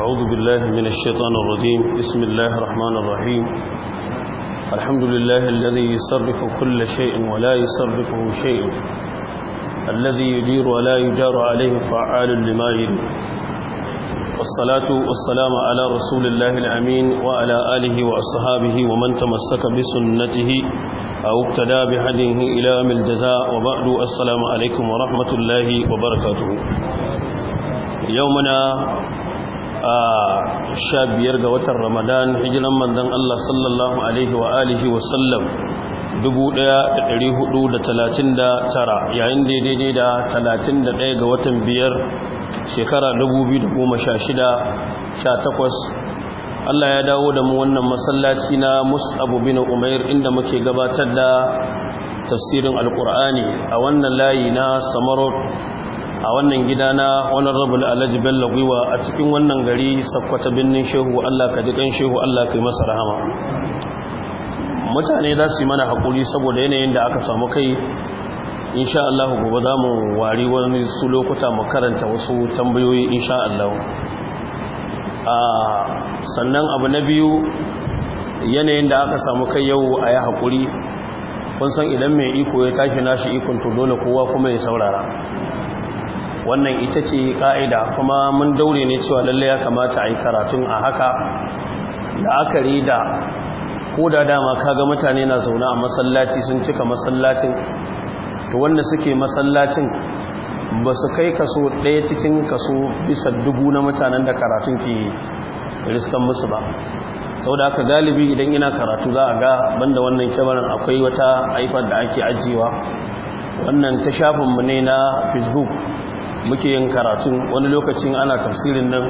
أعوذ بالله من الشيطان الرجيم بسم الله الرحمن الرحيم الحمد لله الذي يصرف كل شيء ولا يصرفه شيء الذي يجير ولا يجار عليه فعال لما يريد والصلاة والسلام على رسول الله الأمين وعلى آله وأصحابه ومن تمسك بسنته أو اقتدى بهديه إلى من الجزاء وبعد السلام عليكم ورحمة الله وبركاته يومنا sha biyar ga watan ramadan hijiran manzon Allah sallallahu alaihi wa alihi wa sallam 1439 yayin da daidai da 31 ga watan biyar shekara 2016 Allah ya dawo da mu wannan masallaci na mus'abu bin Umair inda muke gabatar da tafsirin alkur'ani a wannan layi na Samarot a wannan gida na honorable alhaji bello gwiwa a cikin wannan gari sakkwata birnin shehu allah ka ji shehu allah ka yi masa rahama mutane za su yi mana haƙuri saboda yanayin da aka samu kai insha Allah gobe za mu wari wani su lokuta mu karanta wasu tambayoyi insha Allah sannan abu na biyu yanayin da aka samu kai yau a yi haƙuri kun san idan mai iko ya tashi nashi ikon to dole kowa kuma ya saurara wannan ita ce ka'ida kuma mun daure ne cewa lalle ya kamata a yi karatun a haka la'akari da ko da dama ka ga mutane na zaune a masallaci sun cika masallacin to wanda suke masallacin ba su kai kaso ɗaya cikin kaso bisa dubu na mutanen da karatun ke riskan musu ba sau da aka galibi idan ina karatu za a ga banda wannan kyamarar akwai wata haifar da ake ajiyewa wannan ta shafinmu ne na facebook muke yin karatun wani lokacin ana tafsirin nan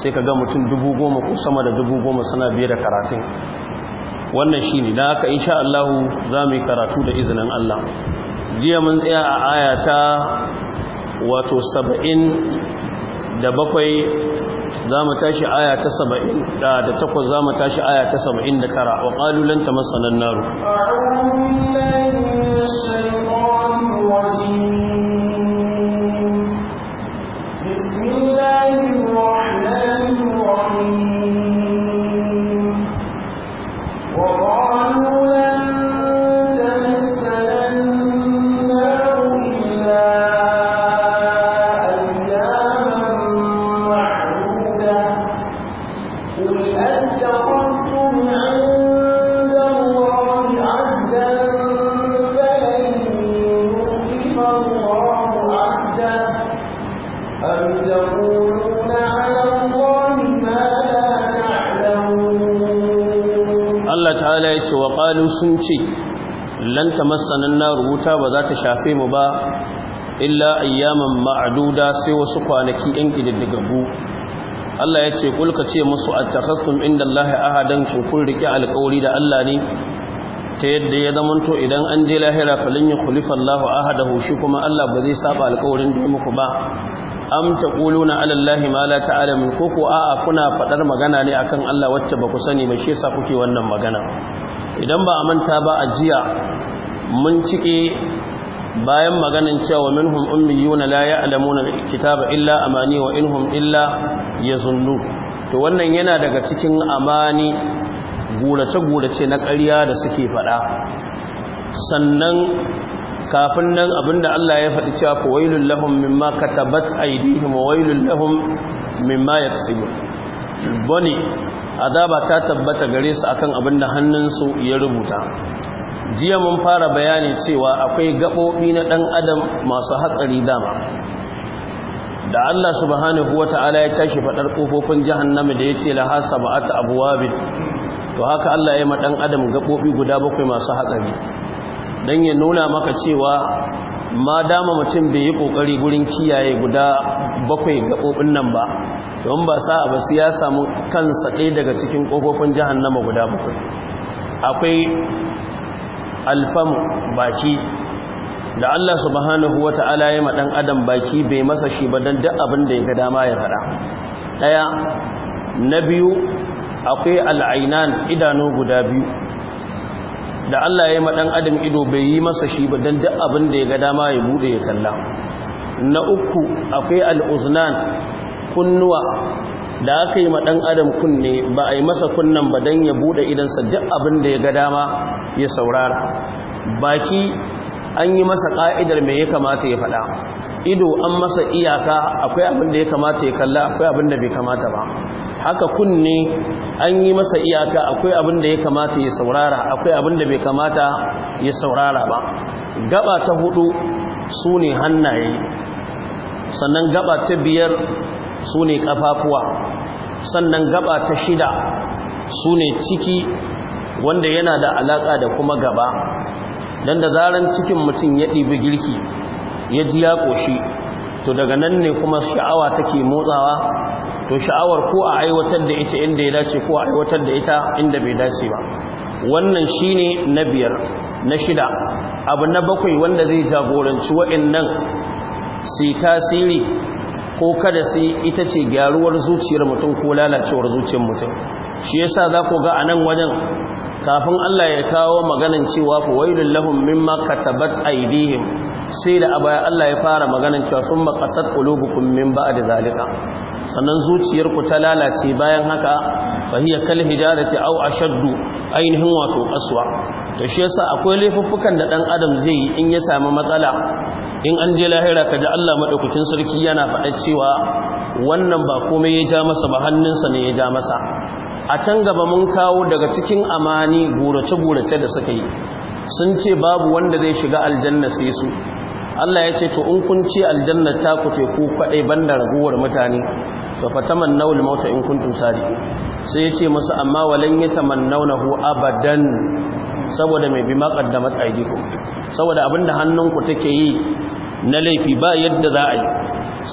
sai ka ga mutum dubu goma ko sama da dubu goma suna biye da karatun wannan shi ne da haka insha Allah za mu yi karatu da izinin Allah jiya mun tsaya a ayata wato saba'in da bakwai za mu tashi aya ta saba'in da takwas za mu tashi aya ta saba'in da tara wa ƙalulanta masanan naru sun ce lanta masana'n na rubuta ba za ta shafe mu ba illa ayyaman ma'aduda sai wasu kwanaki in kididdigabu Allah ya ce kulka ce musu takaskun inda Allah ahadan shin kun riƙe alƙawari da Allah ne ta yadda ya zamanto idan an je lahira falin ya kulifa Allah da hushi kuma Allah ba zai saba alƙawarin da muku ba am taquluna ala Allah ma la ta'ala ko koko a'a kuna faɗar magana ne akan Allah wacce ba ku sani ba shi yasa kuke wannan magana idan ba a manta ba a jiya mun cike bayan maganin cewa minhum ummiyuna la ya'lamuna kitaba illa amani wa inhum illa yazunnu to wannan yana daga cikin amani gurace-gurace na ƙarya da suke faɗa sannan kafin nan abinda Allah ya faɗi cewa fa wailul lahum mimma katabat aydihim wa wailul lahum mimma yaksibun bani azaba ta tabbata gare su akan abin da hannunsu ya rubuta jiya mun fara bayani cewa akwai gaɓoɓi na ɗan adam masu hatsari dama da Allah subhanahu wata'ala ya tashi faɗar ƙofofin jahannama da ya ce laha saba'ata abwabin to haka Allah ya yi ma ɗan adam gaɓoɓi guda bakwai masu hatsari Dan ya nuna maka cewa ma dama mutum bai yi kokari gurin kiyaye guda bakwai gaɓoɓin nan ba don ba sa ba su ya samu kansa ɗaya daga cikin kofofin jahannama guda bakwai akwai alfam baki da Allah subhanahu wa ta'ala ya madan adam baki bai masa shi ba don duk abin da ya ga dama ya faɗa ɗaya na biyu akwai al'ainan idanu guda biyu da Allah ya yi maɗan adam ido bai yi masa shi ba don duk abin da ya ga dama ya buɗe ya kalla na uku akwai al'uznan kunnuwa da aka yi maɗan adam kunne ba a yi masa kunnan ba don ya buɗe idansa duk abin da ya ga dama ya saurara baki an yi masa ƙa'idar mai ya kamata ya faɗa ido an masa iyaka akwai abin da ya kamata ya kalla akwai abin da bai kamata ba haka kunne an yi masa iyaka akwai abin da ya kamata ya saurara akwai abin da bai kamata ya saurara ba gaba ta hudu su ne hannaye sannan gaba ta biyar su ne kafafuwa sannan gaba ta shida su ne ciki wanda yana da alaka da kuma gaba don da zaren cikin mutum ya ɗibi girki ya ji ya ƙoshi to daga nan ne kuma sha'awa take motsawa to sha'awar ko a aiwatar da ita inda ya dace ko a aiwatar da ita inda bai dace ba wannan shine na biyar na shida abu na bakwai wanda zai jagoranci wa'annan si tasiri ko kada si ita ce gyaruwar zuciyar mutum ko lalacewar zuciyar mutum shi yasa za ku ga a nan wajen kafin Allah ya kawo maganan cewa ku wailul lahum mimma katabat aydihim sai da abaya Allah ya fara maganan cewa sun makasar ƙulubukun min ba da zalika sannan zuciyarku ta lalace bayan haka fahiyar da ke au a shaddu ainihin wato kasuwa. da shi yasa akwai laifuffukan da ɗan adam zai yi in ya sami matsala in an je lahira ka kaji Allah madaukakin sarki yana faɗa cewa wannan ba komai ya ja masa ba hannunsa ne ya ja masa a can gaba mun kawo daga cikin amani gurace-gurace da suka yi sun ce babu wanda zai shiga aljanna sai su Allah ya ce to in kun ci aljanna ta ku ce ku kadai banda raguwar mutane to fataman nawul mauta in kuntum sari sai ya ce musu amma walan yatamannawnahu abadan saboda mai bi maqaddamat aidikum saboda abinda hannunku take yi na laifi ba yadda za a yi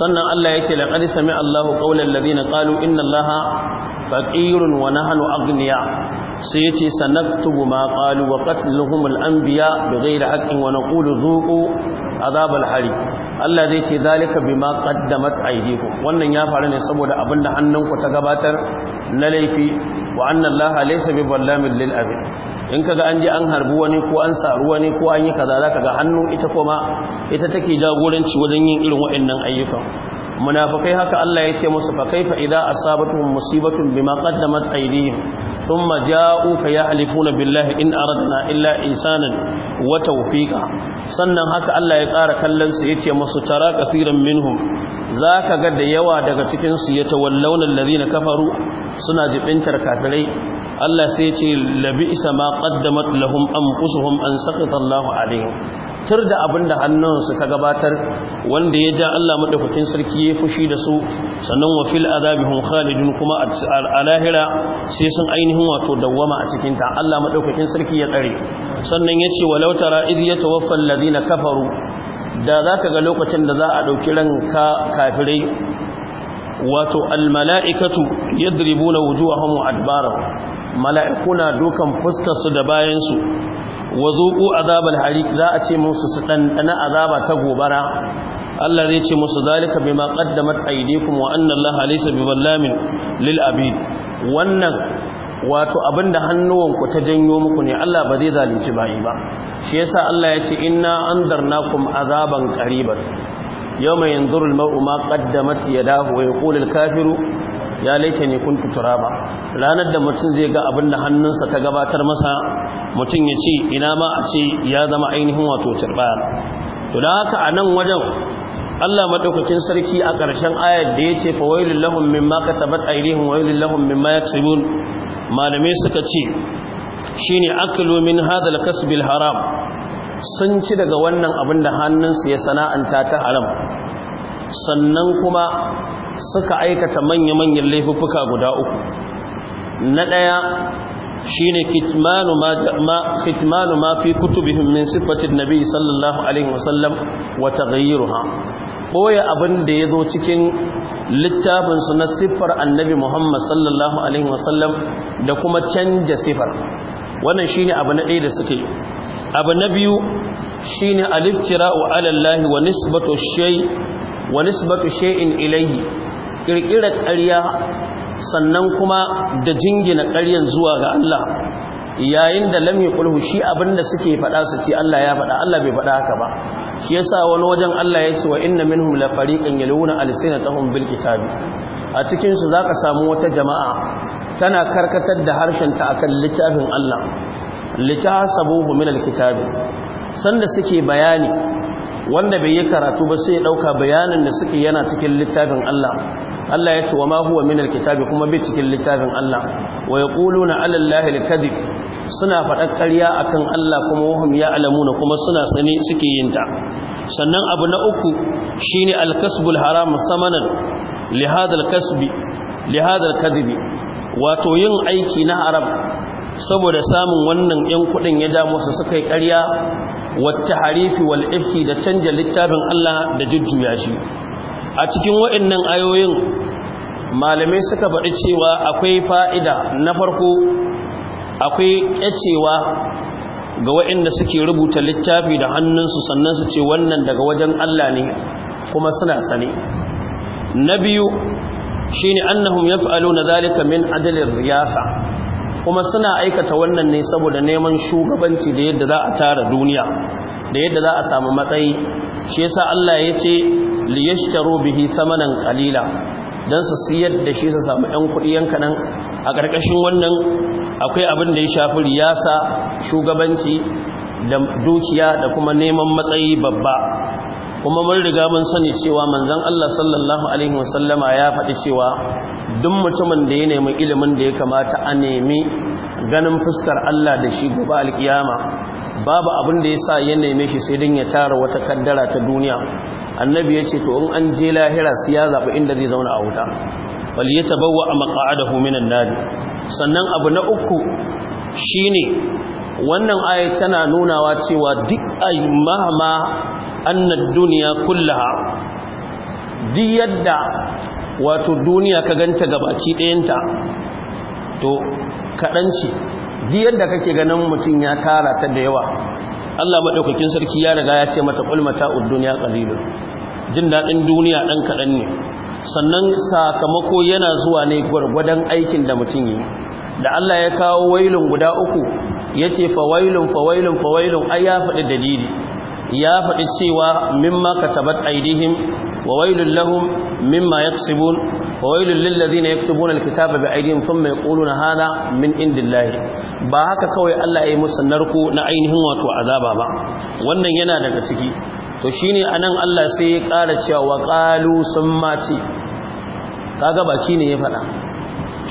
sannan Allah ya ce laqad sami Allahu qawlan ladina qalu inna Allaha faqirun wa nahnu aghniya sai yace sanaktubu ma qalu wa qatluhum al-anbiya bighayri haqqin wa naqulu dhuqu azabal hari Allah zai ce zalika bima qaddamat aydikum wannan ya faru ne saboda abinda hannunku ta gabatar na laifi wa anna Allah laysa bi ballamin lil abid in kaga an ji an harbi wani ko an saru wani ko an yi kaza zaka ga hannu ita kuma ita take jagoranci wajen yin irin waɗannan ayyukan munafikai haka Allah ya ce musu fa kaifa idza asabatuhum musibatu bima qaddamat aydihim thumma ja'uka yahlifuna billahi in aradna illa insanan wa tawfiqa sannan haka Allah ya ƙara kallon su yace musu tara kaseeran minhum zaka ga da yawa daga cikin su ya tawallawna alladhina kafaru suna jibintar kafirai Allah sai ya ce labisa ma qaddamat lahum anfusuhum an sakata Allahu alaihim tur da abinda su ka gabatar wanda ya ja Allah madaukakin sarki ya fushi da su sannan wa fil azabihum khalidun kuma a lahira sai sun ainihin wato dawwama a cikin ta Allah madaukakin sarki ya tsare sannan yace walau tara idh yatawaffa alladhina kafaru da zaka ga lokacin da za a dauki ranka kafirai wato almala'ikatu yadribuna wujuhahum adbarahum mala'ikuna dukan fuskar su da bayan su wazuqu azabal hariq za a ce musu su dan dana azaba ta gobara Allah zai ce musu zalika bima qaddamat aydikum wa anna Allah laysa biwallamin lil abid wannan wato abinda hannuwanku ta janyo muku ne Allah ba zai zalunci bayi ba shi yasa Allah ya ce inna andarnakum azaban qariban yawma yanzuru al-mar'u ma qaddamat yadahu wa yaqulu al-kafiru ya laitani kuntu turaba ranar da mutum zai ga abinda hannunsa ta gabatar masa mutum ya ce ina ma a ce ya zama ainihin wato turbaya to da haka a nan wajen Allah madaukakin sarki a ƙarshen ayar da ya ce fa wailul lahum mimma katabat aydihim wailul lahum mimma yaksubun malamai suka ce shine aklu min hadal kasbil haram sun ci daga wannan abin da hannunsu ya sana'anta ta haram sannan kuma suka aikata manya-manyan laifuka guda uku na ɗaya shine kitmanu ma kitmanu ma fi kutubihim min sifatin nabi sallallahu alaihi wasallam wa taghayyiruha ɓoye abin da ya zo cikin littafinsu na siffar annabi muhammad sallallahu alaihi wasallam da kuma canja siffar wannan shi ne abu na ɗaya da suke abu na biyu shi ne aliftira wa alallahi wa nisbatu shay'in ƙirƙirar ƙarya sannan kuma da jingina ƙaryan zuwa ga Allah yayin da lam ƙulhu shi abinda suke faɗa su ce Allah ya faɗa Allah bai faɗa haka ba shi yasa wani wajen Allah ya ce wa inna minhum la fariqan yaluna alsinatahum bil kitabi a cikin su zaka samu wata jama'a tana karkatar da harshen ta akan littafin Allah litasabuhu min alkitabi sanda suke bayani wanda bai yi karatu ba sai ya dauka bayanin da suke yana cikin littafin Allah Allah ya ce wa ma huwa min alkitabi kuma bi cikin littafin Allah wa yaquluna ala allahi alkadhib suna faɗar ƙarya kan Allah kuma wahum ya alamuna kuma suna sani suke yin ta sannan abu na uku shi ne alkasbul haram samanan Lihadar kasbi Lihadar kadibi wato yin aiki na haram saboda samun wannan yan kudin ya damu su suka yi ƙarya wata harifi wal'ifki da canja littafin Allah da jujjuya shi a cikin waɗannan ayoyin malamai suka faɗi cewa akwai fa'ida na farko akwai kyacewa ga waɗanda suke rubuta littafi da hannunsu sannan su ce wannan daga wajen Allah ne kuma suna sane na biyu shi ne ya annahum na zalika min adalin riyasa kuma suna aikata wannan ne saboda neman shugabanci da yadda za a tara duniya da yadda za a samu matsayi shi yasa Allah ya ce liyashtaro bihi samanan kalila don su siyar da shi su samu 'yan kuɗi yanka nan a ƙarƙashin wannan akwai abin da ya shafi riyasa shugabanci da dukiya da kuma neman matsayi babba kuma mun riga mun sani cewa manzon Allah sallallahu alaihi wasallama ya faɗi cewa duk mutumin da ya nemi ilimin da ya kamata a nemi ganin fuskar Allah da shi gobe alkiyama babu abin da yasa ya neme shi sai din ya tara wata kaddara ta duniya annabi ya ce to in an je lahira su ya zaɓi inda zai zauna a wuta wal ya tabawa a maƙa'adahu minan nari sannan abu na uku shine wannan aya tana nunawa cewa duk ayi annad duniya kullaha duk yadda wato duniya ka ganta gabaki ɗayanta to kaɗanci duk yadda kake ganin mutum ya tara ta da yawa Allah maɗaukakin sarki ya riga ya ce mata ƙulmata ya ƙalilun jin daɗin duniya ɗan kaɗan ne sannan sakamako yana zuwa ne gwargwadon aikin da mutum yi da Allah ya kawo wailun guda uku ya ce fawailun fawailun fawailun ai ya faɗi dalili ya faɗi cewa mimma katabat aidihim wa wailun lahum mimma yaksibun wa wailun na ladina yaktubuna alkitaba bi aidihim ƙulu na hana min indillahi ba haka kawai Allah ya yi musu narko na ainihin wato azaba ba wannan yana daga ciki to shine anan Allah sai ya ƙara cewa qalu summa ce kaga baki ne ya faɗa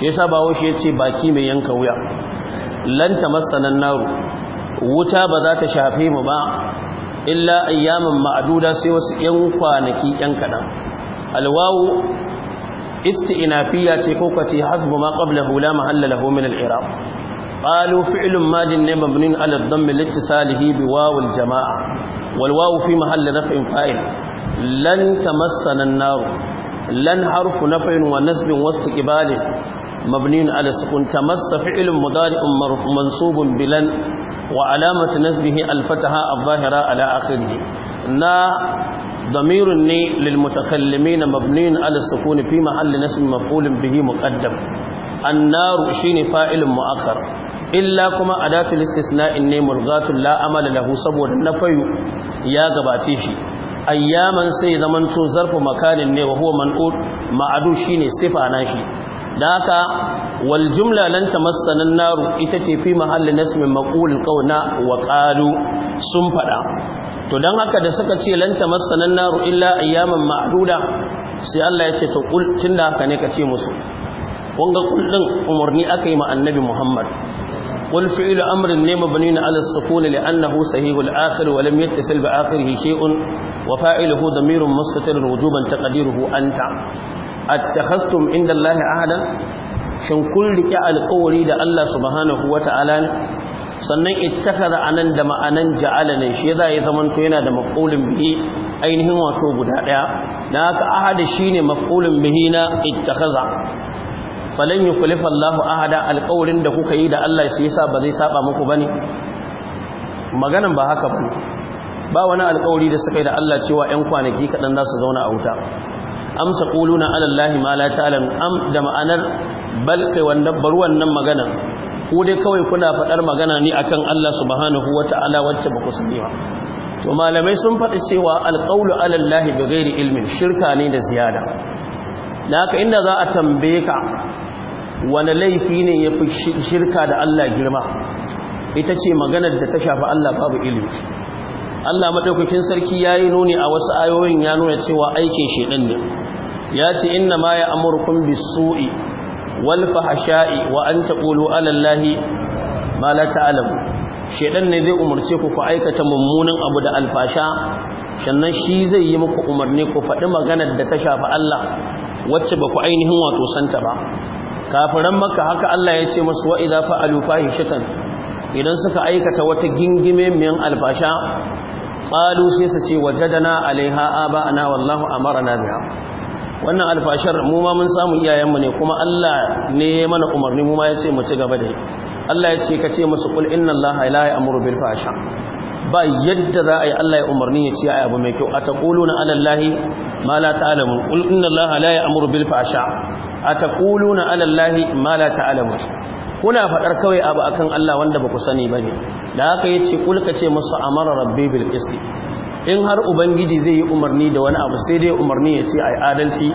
shi bawo shi ce baki mai yanka wuya Lanta tamassanan naru wuta ba za ta shafe mu ba illa ayyaman ma'aduda sai wasu yan kwanaki yan kaɗan. alwawu isti'inafiya ce ko kace hasbu ma qablahu hula mahalla lahu min al قالوا فعل ماد مبني على الضم لاتصاله بواو الجماعة والواو في محل رفع فاعل لن تمسنا النار لن حرف نفع ونسب واستقبال مبني على السكون تمس فعل مضارع منصوب بلن وعلامة نسبه الفتحة الظاهرة على آخره نا ضمير للمتكلمين مبني على السكون في محل نسب مفعول به مقدم النار شين فاعل مؤخر illa kuma adatul istisna'in ne mulghatul la amala lahu saboda nafayu ya gabace shi ayyaman sai zamanto zarfu makanin ne wa huwa man'ud ma'adu shine sifa na shi daka wal jumla lan tamassana naru ita ce fi mahalli nasmin maqul qawna wa qalu sun fada to dan haka da suka ce lan tamassana naru illa ayyaman ma'duda sai Allah ya ce to kul tunda haka ne ka ce musu kun ga kullun umarni aka yi ma annabi Muhammad قل فعل أمر مبني على السكون لأنه صحيح الآخر ولم يتصل بآخره شيء وفاعله ضمير مستتر وجوبا تقديره أنت أتخذتم عند الله عهدا shin kun rike alƙawari da Allah subhanahu wata'ala ne sannan ittakhadha anan da ma'anan ja'ala ne shi yasa ya zaman to yana da maqulun bihi ainihin wato guda daya Na haka ahada shine maqulun bihi na ittakhadha yi yukhlifa Allahu ahada alƙawarin da kuka yi da Allah shi yasa ba zai saba muku ne? maganan ba haka bane ba wani alƙawari da suka yi da Allah cewa 'yan kwanaki kaɗan za su zauna a wuta am taquluna ala Allahi ma la am da ma'anar bal kai bar wannan magana ku dai kawai kuna faɗar magana ne akan Allah subhanahu wata'ala wacce ba ku sani ba to malamai sun faɗi cewa alkawlu ala Allahi bi ilmin shirka ne da ziyada da haka inda za a tambaye ka wani laifi ne ya fi shirka da Allah girma ita ce maganar da ta shafi Allah babu ilimi Allah maɗaukakin sarki ya yi nuni a wasu ayoyin ya nuna cewa aikin shaɗan ne ya ce inna ma ya amurkun bi su'i wal fahasha'i wa an taƙulu alallahi ma la ta'alamu shaɗan ne zai umarce ku ku aikata mummunan abu da alfasha sannan shi zai yi muku umarni ku faɗi maganar da ta shafi Allah wacce ba ku ainihin wato santa ba kafiran makka haka Allah ya ce masu wa'iza fa'alu fahishatan idan suka aikata wata gingime miyan albasha, ƙalu sai su ce wajadana alaiha aba ana wallahu amara na biya wannan alfashar mu ma mun samu iyayenmu ne kuma Allah ne mana umarni mu ma ya ce mu ci gaba da yi Allah ya ce ka ce musu kul inna Allah la ya'muru bil fasha. ba yadda za a yi Allah ya umarni ya ce a abu mai kyau a ataquluna na Allah ma la ta'lamun kul inna Allah la ya'muru bil fasha. ataquluna ala allahi ma la mutu kuna faɗar kawai abu akan Allah wanda ba ku sani ba ne. da haka yace kulka ce masu amara rabbi bil in har ubangiji zai yi umarni da wani abu sai dai umarni ya ce yi adalci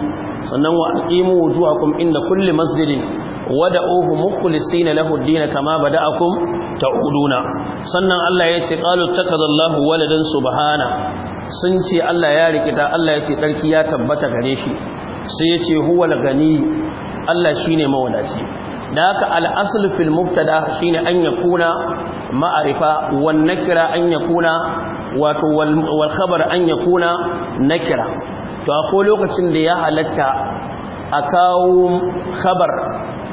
sannan wa aqimu wujuhakum inda kulli masjidin wada'uhu mukhlisina lahu na lahuddina kama bada'akum ta'uduna sannan Allah ya ce qalu takadallahu waladan subhana sun ce Allah ya rikita Allah ya ce ɗarki ya tabbata gare shi sai ya ce huwa gani Allah shi ne mawadaci da haka al'asul fil mubtada shi ne an ya kuna ma'arifa wani nakira an ya kuna wato wal an ya nakira to ko lokacin da ya halatta a kawo khabar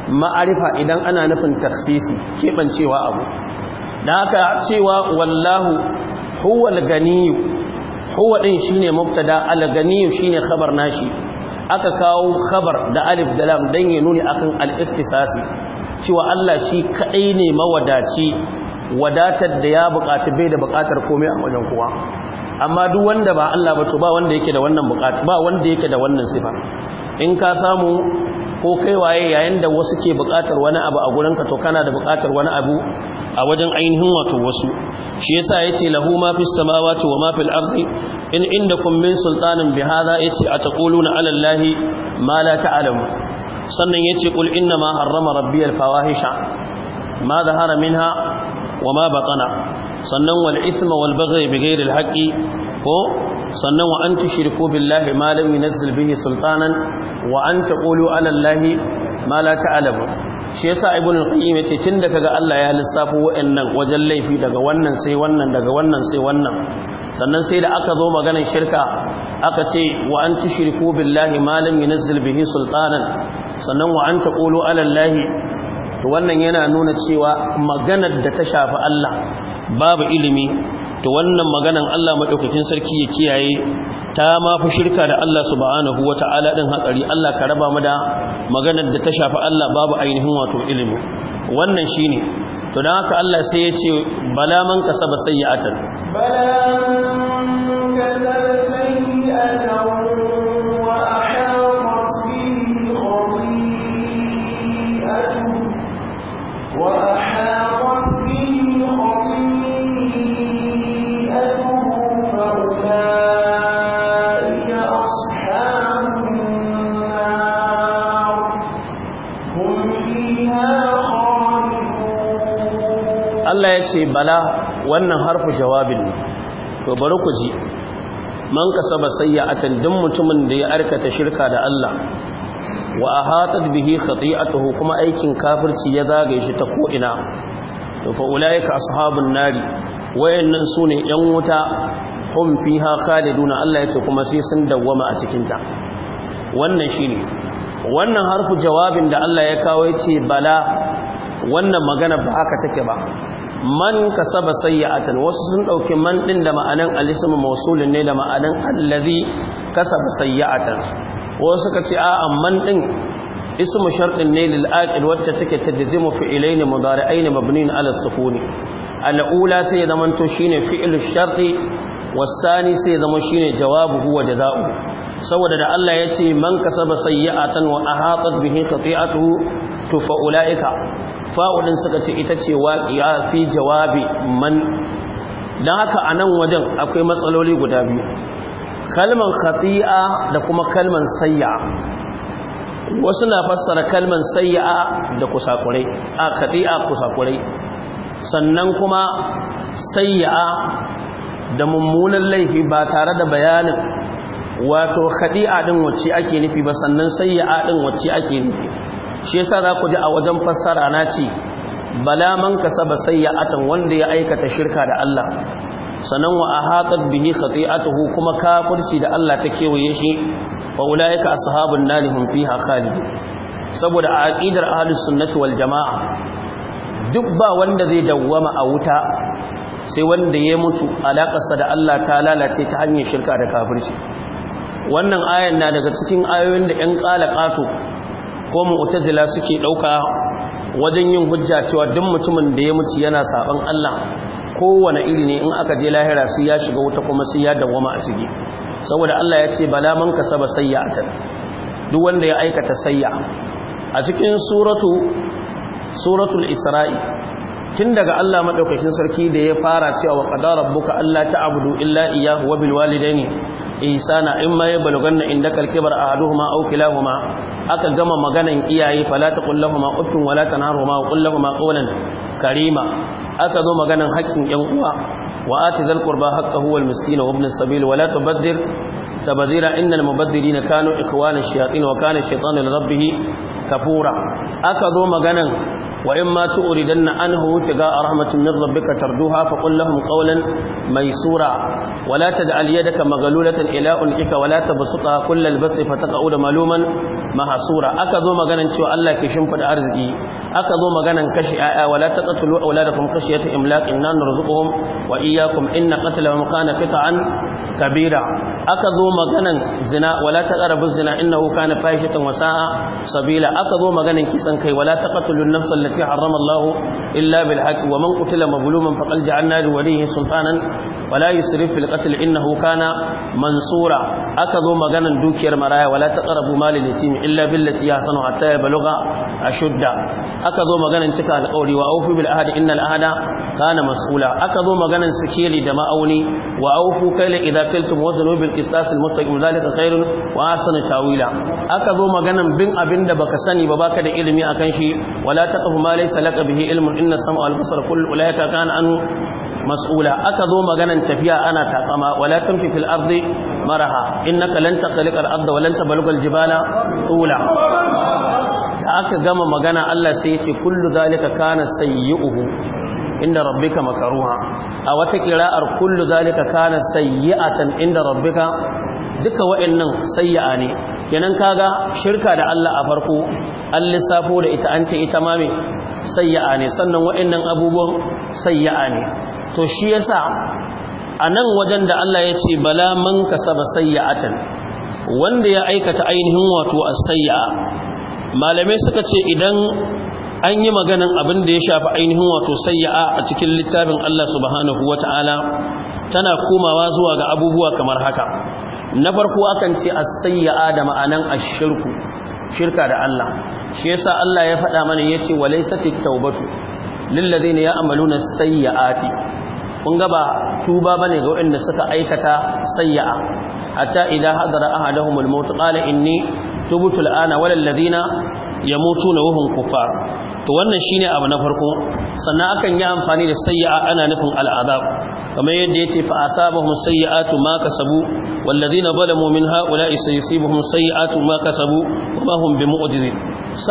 ma'arifa idan ana nufin taksisi keɓancewa abu da cewa wallahu huwa al-ganiyu huwa shi shine mubtada al shi ne khabar nashi aka kawo khabar da alif da lam dan ya nuni akan al-iktisasi cewa Allah shi kadai ne mawadaci wadatar da ya bukata bai da bukatar komai a wajen kowa amma duk wanda ba Allah ba to ba wanda yake da wannan bukata ba wanda yake da wannan sifa in ka samu ko kai waye yayin da wasu ke buƙatar wani abu a gurinka to kana da buƙatar wani abu a wajen ainihin wato wasu shi yasa yace lahu ma fis samawati wa ma fil ardi in indakum min sultanin bi hadha yace ataquluna ala allahi ma la ta'lamu sannan yace qul inna ma harrama rabbi al fawahisha ma dhahara minha wa ma batana sannan wal ithma wal baghy bi ghairi al haqqi ko sannan wa an tushriku billahi ma lam yunzil bihi sultanan wa an taqulu ala allahi ma la ta'lamu shi yasa ibn al-qayyim yace tunda kaga Allah ya lissafo wa'annan wajen laifi daga wannan sai wannan daga wannan sai wannan sannan sai da aka zo maganar shirka aka ce wa an tushriku billahi ma lam yunzil bihi sultanan sannan wa an taqulu ala allahi to wannan yana nuna cewa maganar da ta shafi Allah babu ilimi to wannan maganan Allah madaukakin sarki ya kiyaye ta ma fi shirka da Allah subhanahu wata'ala din hatsari Allah ka raba mu da maganar da ta shafi Allah babu ainihin wato ilimi wannan shine to dan haka Allah sai ya ce bala man kasaba sayyi'atan bala man kasaba sayyi'atan Allah ya ce bala wannan harfu jawabin ne to bari ku ji man kasaba sayyatan duk mutumin da ya arkata shirka da Allah wa ahatat bihi khati'atuhu kuma aikin kafirci ya zagaye shi ta ko ina to fa ulaika ashabun nari wayannan sune yan wuta hum fiha khaliduna Allah ya ce kuma sai sun dawwama a cikin ta wannan shine wannan harfu jawabin da Allah ya kawo yace bala wannan magana ba haka take ba man kasaba sayyi'atan wasu sun dauki man din da ma'anan al-ismu mawsulun ne da ma'anan allazi kasaba sayyi'atan wasu suka ce a'a man din ismu shartin ne lil aqil wacce take tadzimu fi'ilain mudari'ain mabniin ala sukuni al-ula sai zaman to shine fi'lu sharti was-sani sai zaman shine jawabu huwa za'u. saboda da Allah ya ce man kasaba sayyi'atan wa ahatat bihi khati'atuhu to fa ulaika fa'ulin suka ce ita ce waqi'a fi jawabi man dan haka anan wajen akwai matsaloli guda biyu kalman khati'a da kuma kalman sayya wasu na fassara kalman sayyi'a da kusakurai a khati'a kusakurai sannan kuma sayya'a da mummunan laifi ba tare da bayanin wato khadi'a din wacce ake nufi ba sannan sayya'a din wacce ake nufi shi yasa za ku ji a wajen fassara na ce bala man kasaba sayya'atan wanda ya aikata shirka da Allah sannan wa ahatat bihi khati'atuhu kuma kafirci da Allah ta kewaye shi wa ulaika ashabun nar hum fiha khalid saboda aqidar ahlus sunnati wal jamaa duk ba wanda zai dawwama a wuta sai wanda ya mutu alakarsa da Allah ta lalace ta hanyar shirka da kafirci wannan ayan na daga cikin ayoyin da 'yan ƙato ko mu'tazila suke ɗauka wajen yin hujja cewa duk mutumin da ya mutu yana saban Allah kowane iri ne in aka je lahira sai ya shiga wuta kuma sai ya dawwama a ciki saboda Allah ya ce bala man kasaba sayyatan duk wanda ya aikata sayya a cikin suratu suratul isra'i tun daga Allah madaukakin sarki da ya fara cewa wa qadara rabbuka alla ta'budu illa iyyahu wa ma ya ihsana imma inda indaka a kibra ma auki lahuma aka gama maganan iyaye fala taqul lahumu uffin wala tanharhuma wa qul lahumu qawlan karima aka zo maganan haƙƙin ƴan uwa wa ati zal qurba haqqahu wal miskin wa ibn as-sabil wa la tubaddir tabdhira innal mubaddirina kanu ikhwana ash-shayatin wa kana ash-shaytanu li rabbih kafura aka zo maganan وإما تؤردن عنه ابتغاء رحمة من ربك ترجوها فقل لهم قولا ميسورا ولا تجعل يدك مغلولة إلى عنقك ولا تبسطها كل البسط فتقعد ملوما محصورا أكذو مغانا شو الله كشم قد أرزقي أكذو مغانا كشئاء ولا تقتلوا أولادكم خشية إملاق إنا نرزقهم وإياكم إن قتلهم كان قطعا كبيرا aka zo maganan zina wala ta taqrabu zina innahu na fahishatan wa sa'a sabila aka zo maganan kisan kai wala taqtulun nafsal lati harrama Allah illa bil haqq wa man qutila mazluman faqad ja'alna li walihi sultanan wala yusrif fil qatl innahu kana mansura aka zo maganan dukiyar maraya wala taqrabu mal yatim illa billati yahsanu hatta yablugha ashudda aka zo maganan cika alƙawari wa awfi bil ahdi innal ahda kana mas'ula aka zo maganan sikeli da ma'auni wa aufu kaila idza kaltum waznu bil qisas al mustaqim zalika khairun wa ahsanu tawila aka zo maganan bin abinda baka sani ba baka da ilimi akan shi wala taqfu ma laysa laka bihi ilmun inna sam'a al basar kullu ulaika kana anhu mas'ula aka zo maganan tafiya ana takama wala tamshi fil ardi maraha innaka lan takhliqa al arda wa lan tabaluga al jibala tula da aka gama magana Allah sai ya ce kullu zalika kana sayyi'uhu inda rabbika makaruha a wata kira'ar kullu zalika kana sayyi'atan inda rabbika duka wa'annan sayya'a ne kenan kaga shirka da Allah a farko an lissafo da ita an ce ita ma me sayya'a ne sannan wa'annan abubuwan sayya'a ne to shi yasa a nan wajen da Allah ya ce bala man kasaba sayya'atan wanda ya aikata ainihin wato as-sayya'a malamai suka ce idan an yi maganan abin da ya shafi ainihin wato sayya'a a cikin littafin Allah subhanahu wata'ala tana komawa zuwa ga abubuwa kamar haka na farko akan ce a sayyaa da ma'anan ash-shirku shirka da Allah shi yasa Allah ya faɗa mana ce walaysat at-taubatu lil ya ya'maluna as ce, kun ga ba tuba bane ga waɗanda suka aikata sayya'a hatta idza hadara ahaduhumul maut qala inni tubtu al-ana wal ladina yamutuna wa hum kuffar to wannan shine abu na farko sannan akan yi amfani da sayya'a ana nufin al'azab kamar yadda yace fa asabahum sayyi'atu ma kasabu walladhina zalamu min ha'ula'i sayusibuhum sayyi'atu ma kasabu wa ma hum bimu'jizin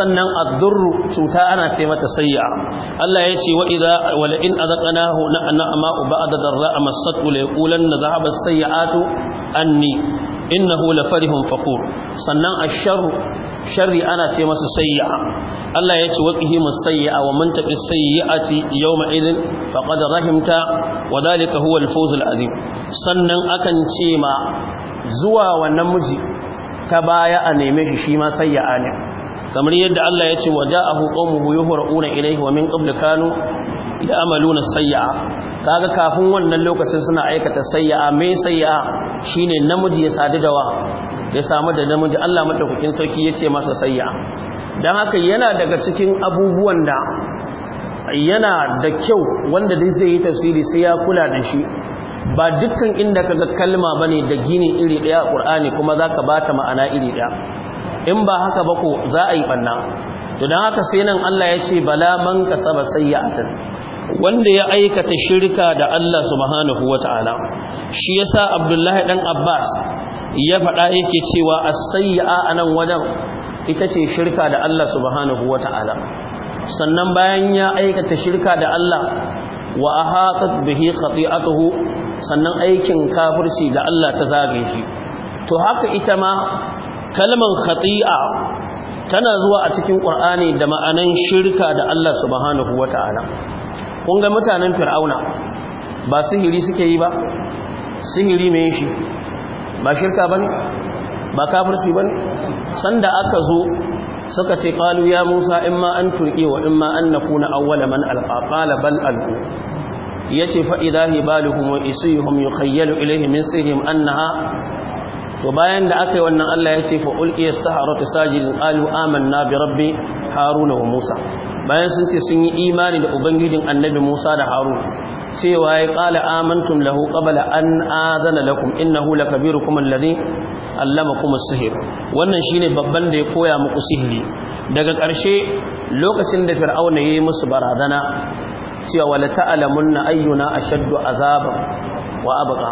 sannan ad-durru cuta ana ce mata sayyi'a Allah yace wa idza wa la in azaqnahu na'ama ba'da dharra'a massatu la yaqulanna dhahaba as-sayyi'atu anni innahu la farihun fakhur sannan ash-sharru sharri ana ce masa sayyi'a Allah ya ce waqihi musayyi'a wa man taqi sayyi'ati yawma idin faqad rahimta wa dalika huwa al-fawz al-azim sannan akan ce ma zuwa wannan miji ta baya a neme shi shi ma sayyi'a ne kamar yadda Allah ya ce wa ja'ahu qawmuhu yuhra'una ilayhi wa min qabl kanu ya'maluna sayyi'a kaga kafin wannan lokacin suna aikata sayya'a mai sayya'a shine namiji ya sadu da wa ya samu da namiji Allah madaukakin sarki yace masa sayya dan haka yana daga cikin abubuwan da yana da kyau wanda dai zai yi tasiri sai ya kula da shi ba dukkan inda kaga kalma bane da gini iri daya a Qur'ani kuma zaka bata ma'ana iri daya in ba haka ba ko za a yi banna to dan haka sai nan Allah ya ce bala man kasaba sayyi'atan wanda ya aikata shirka da Allah subhanahu ta'ala shi yasa Abdullahi dan Abbas ya faɗa yake cewa as a anan wajen ita ce shirka da Allah subhanahu ta'ala, sannan bayan ya aikata shirka da Allah wa a ahatat bihi khati'atuhu sannan aikin kafirci da Allah ta zage shi to haka ita ma kalmar khati'a tana zuwa a cikin ƙwar'ani da ma'anan shirka da Allah subhanahu wa kun ga mutanen fir'auna ba sihiri suke yi ba sihiri me shi ba shirka bane ba kafirci bane sanda aka zo suka ce ƙalu ya Musa ma an turqi wa ma an nakuna awwala man alqa qala Ya ce yace fa idha hibaluhum wa isihum yukhayyalu ilayhi min sihim annaha to bayan da aka yi wannan Allah ya ce fa ulqiya as-saharatu sajidin qalu amanna bi rabbi haruna wa musa bayan sun ce sun yi imani da ubangijin annabi musa da haruna cewa ya qala amintun lahu qabla an azana lakum innahu kuma alladhi allama kuma sihir. wannan shine babban da ya koya muku sihiri daga ƙarshe lokacin da fir'auna ya yi musu barazana cewa wala na ayyuna ashaddu azaban wa abqa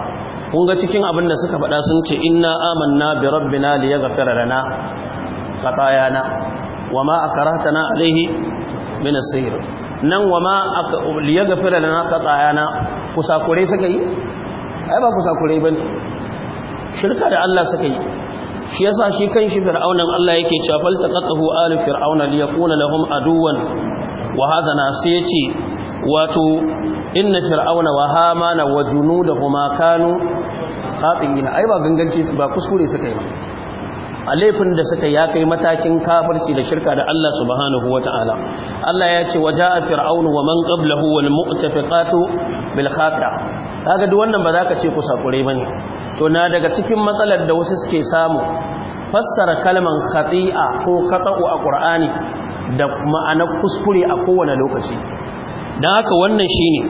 kun ga cikin abin da suka faɗa sun ce inna amanna bi rabbina liyaghfira lana khatayana wama akrahtana alayhi min as sihir. nan wa ma liya ga na lana khatayana kusakure suka yi ai ba kusakure ne shirka da Allah suka yi shi yasa shi kanshi fir'aunan Allah yake cewa fal taqatahu al fir'auna li yakuna lahum aduwan wa hadha na sai yace wato inna fir'auna wa hamana wa junudahuma kanu khatin ai ba ganganci ba kuskure suka yi ba a laifin da suka ya kai matakin kafirci da shirka da Allah subhanahu wata'ala Allah ya ce waje a fir'aunu wa man qablahu wal mu'tafiqatu bil khati'a kaga duk wannan ba za ka ce ku sakure bane to na daga cikin matsalar da wasu suke samu fassara kalman khati'a ko khata'u a Qur'ani da ma'anar kuskure a kowane lokaci dan haka wannan shine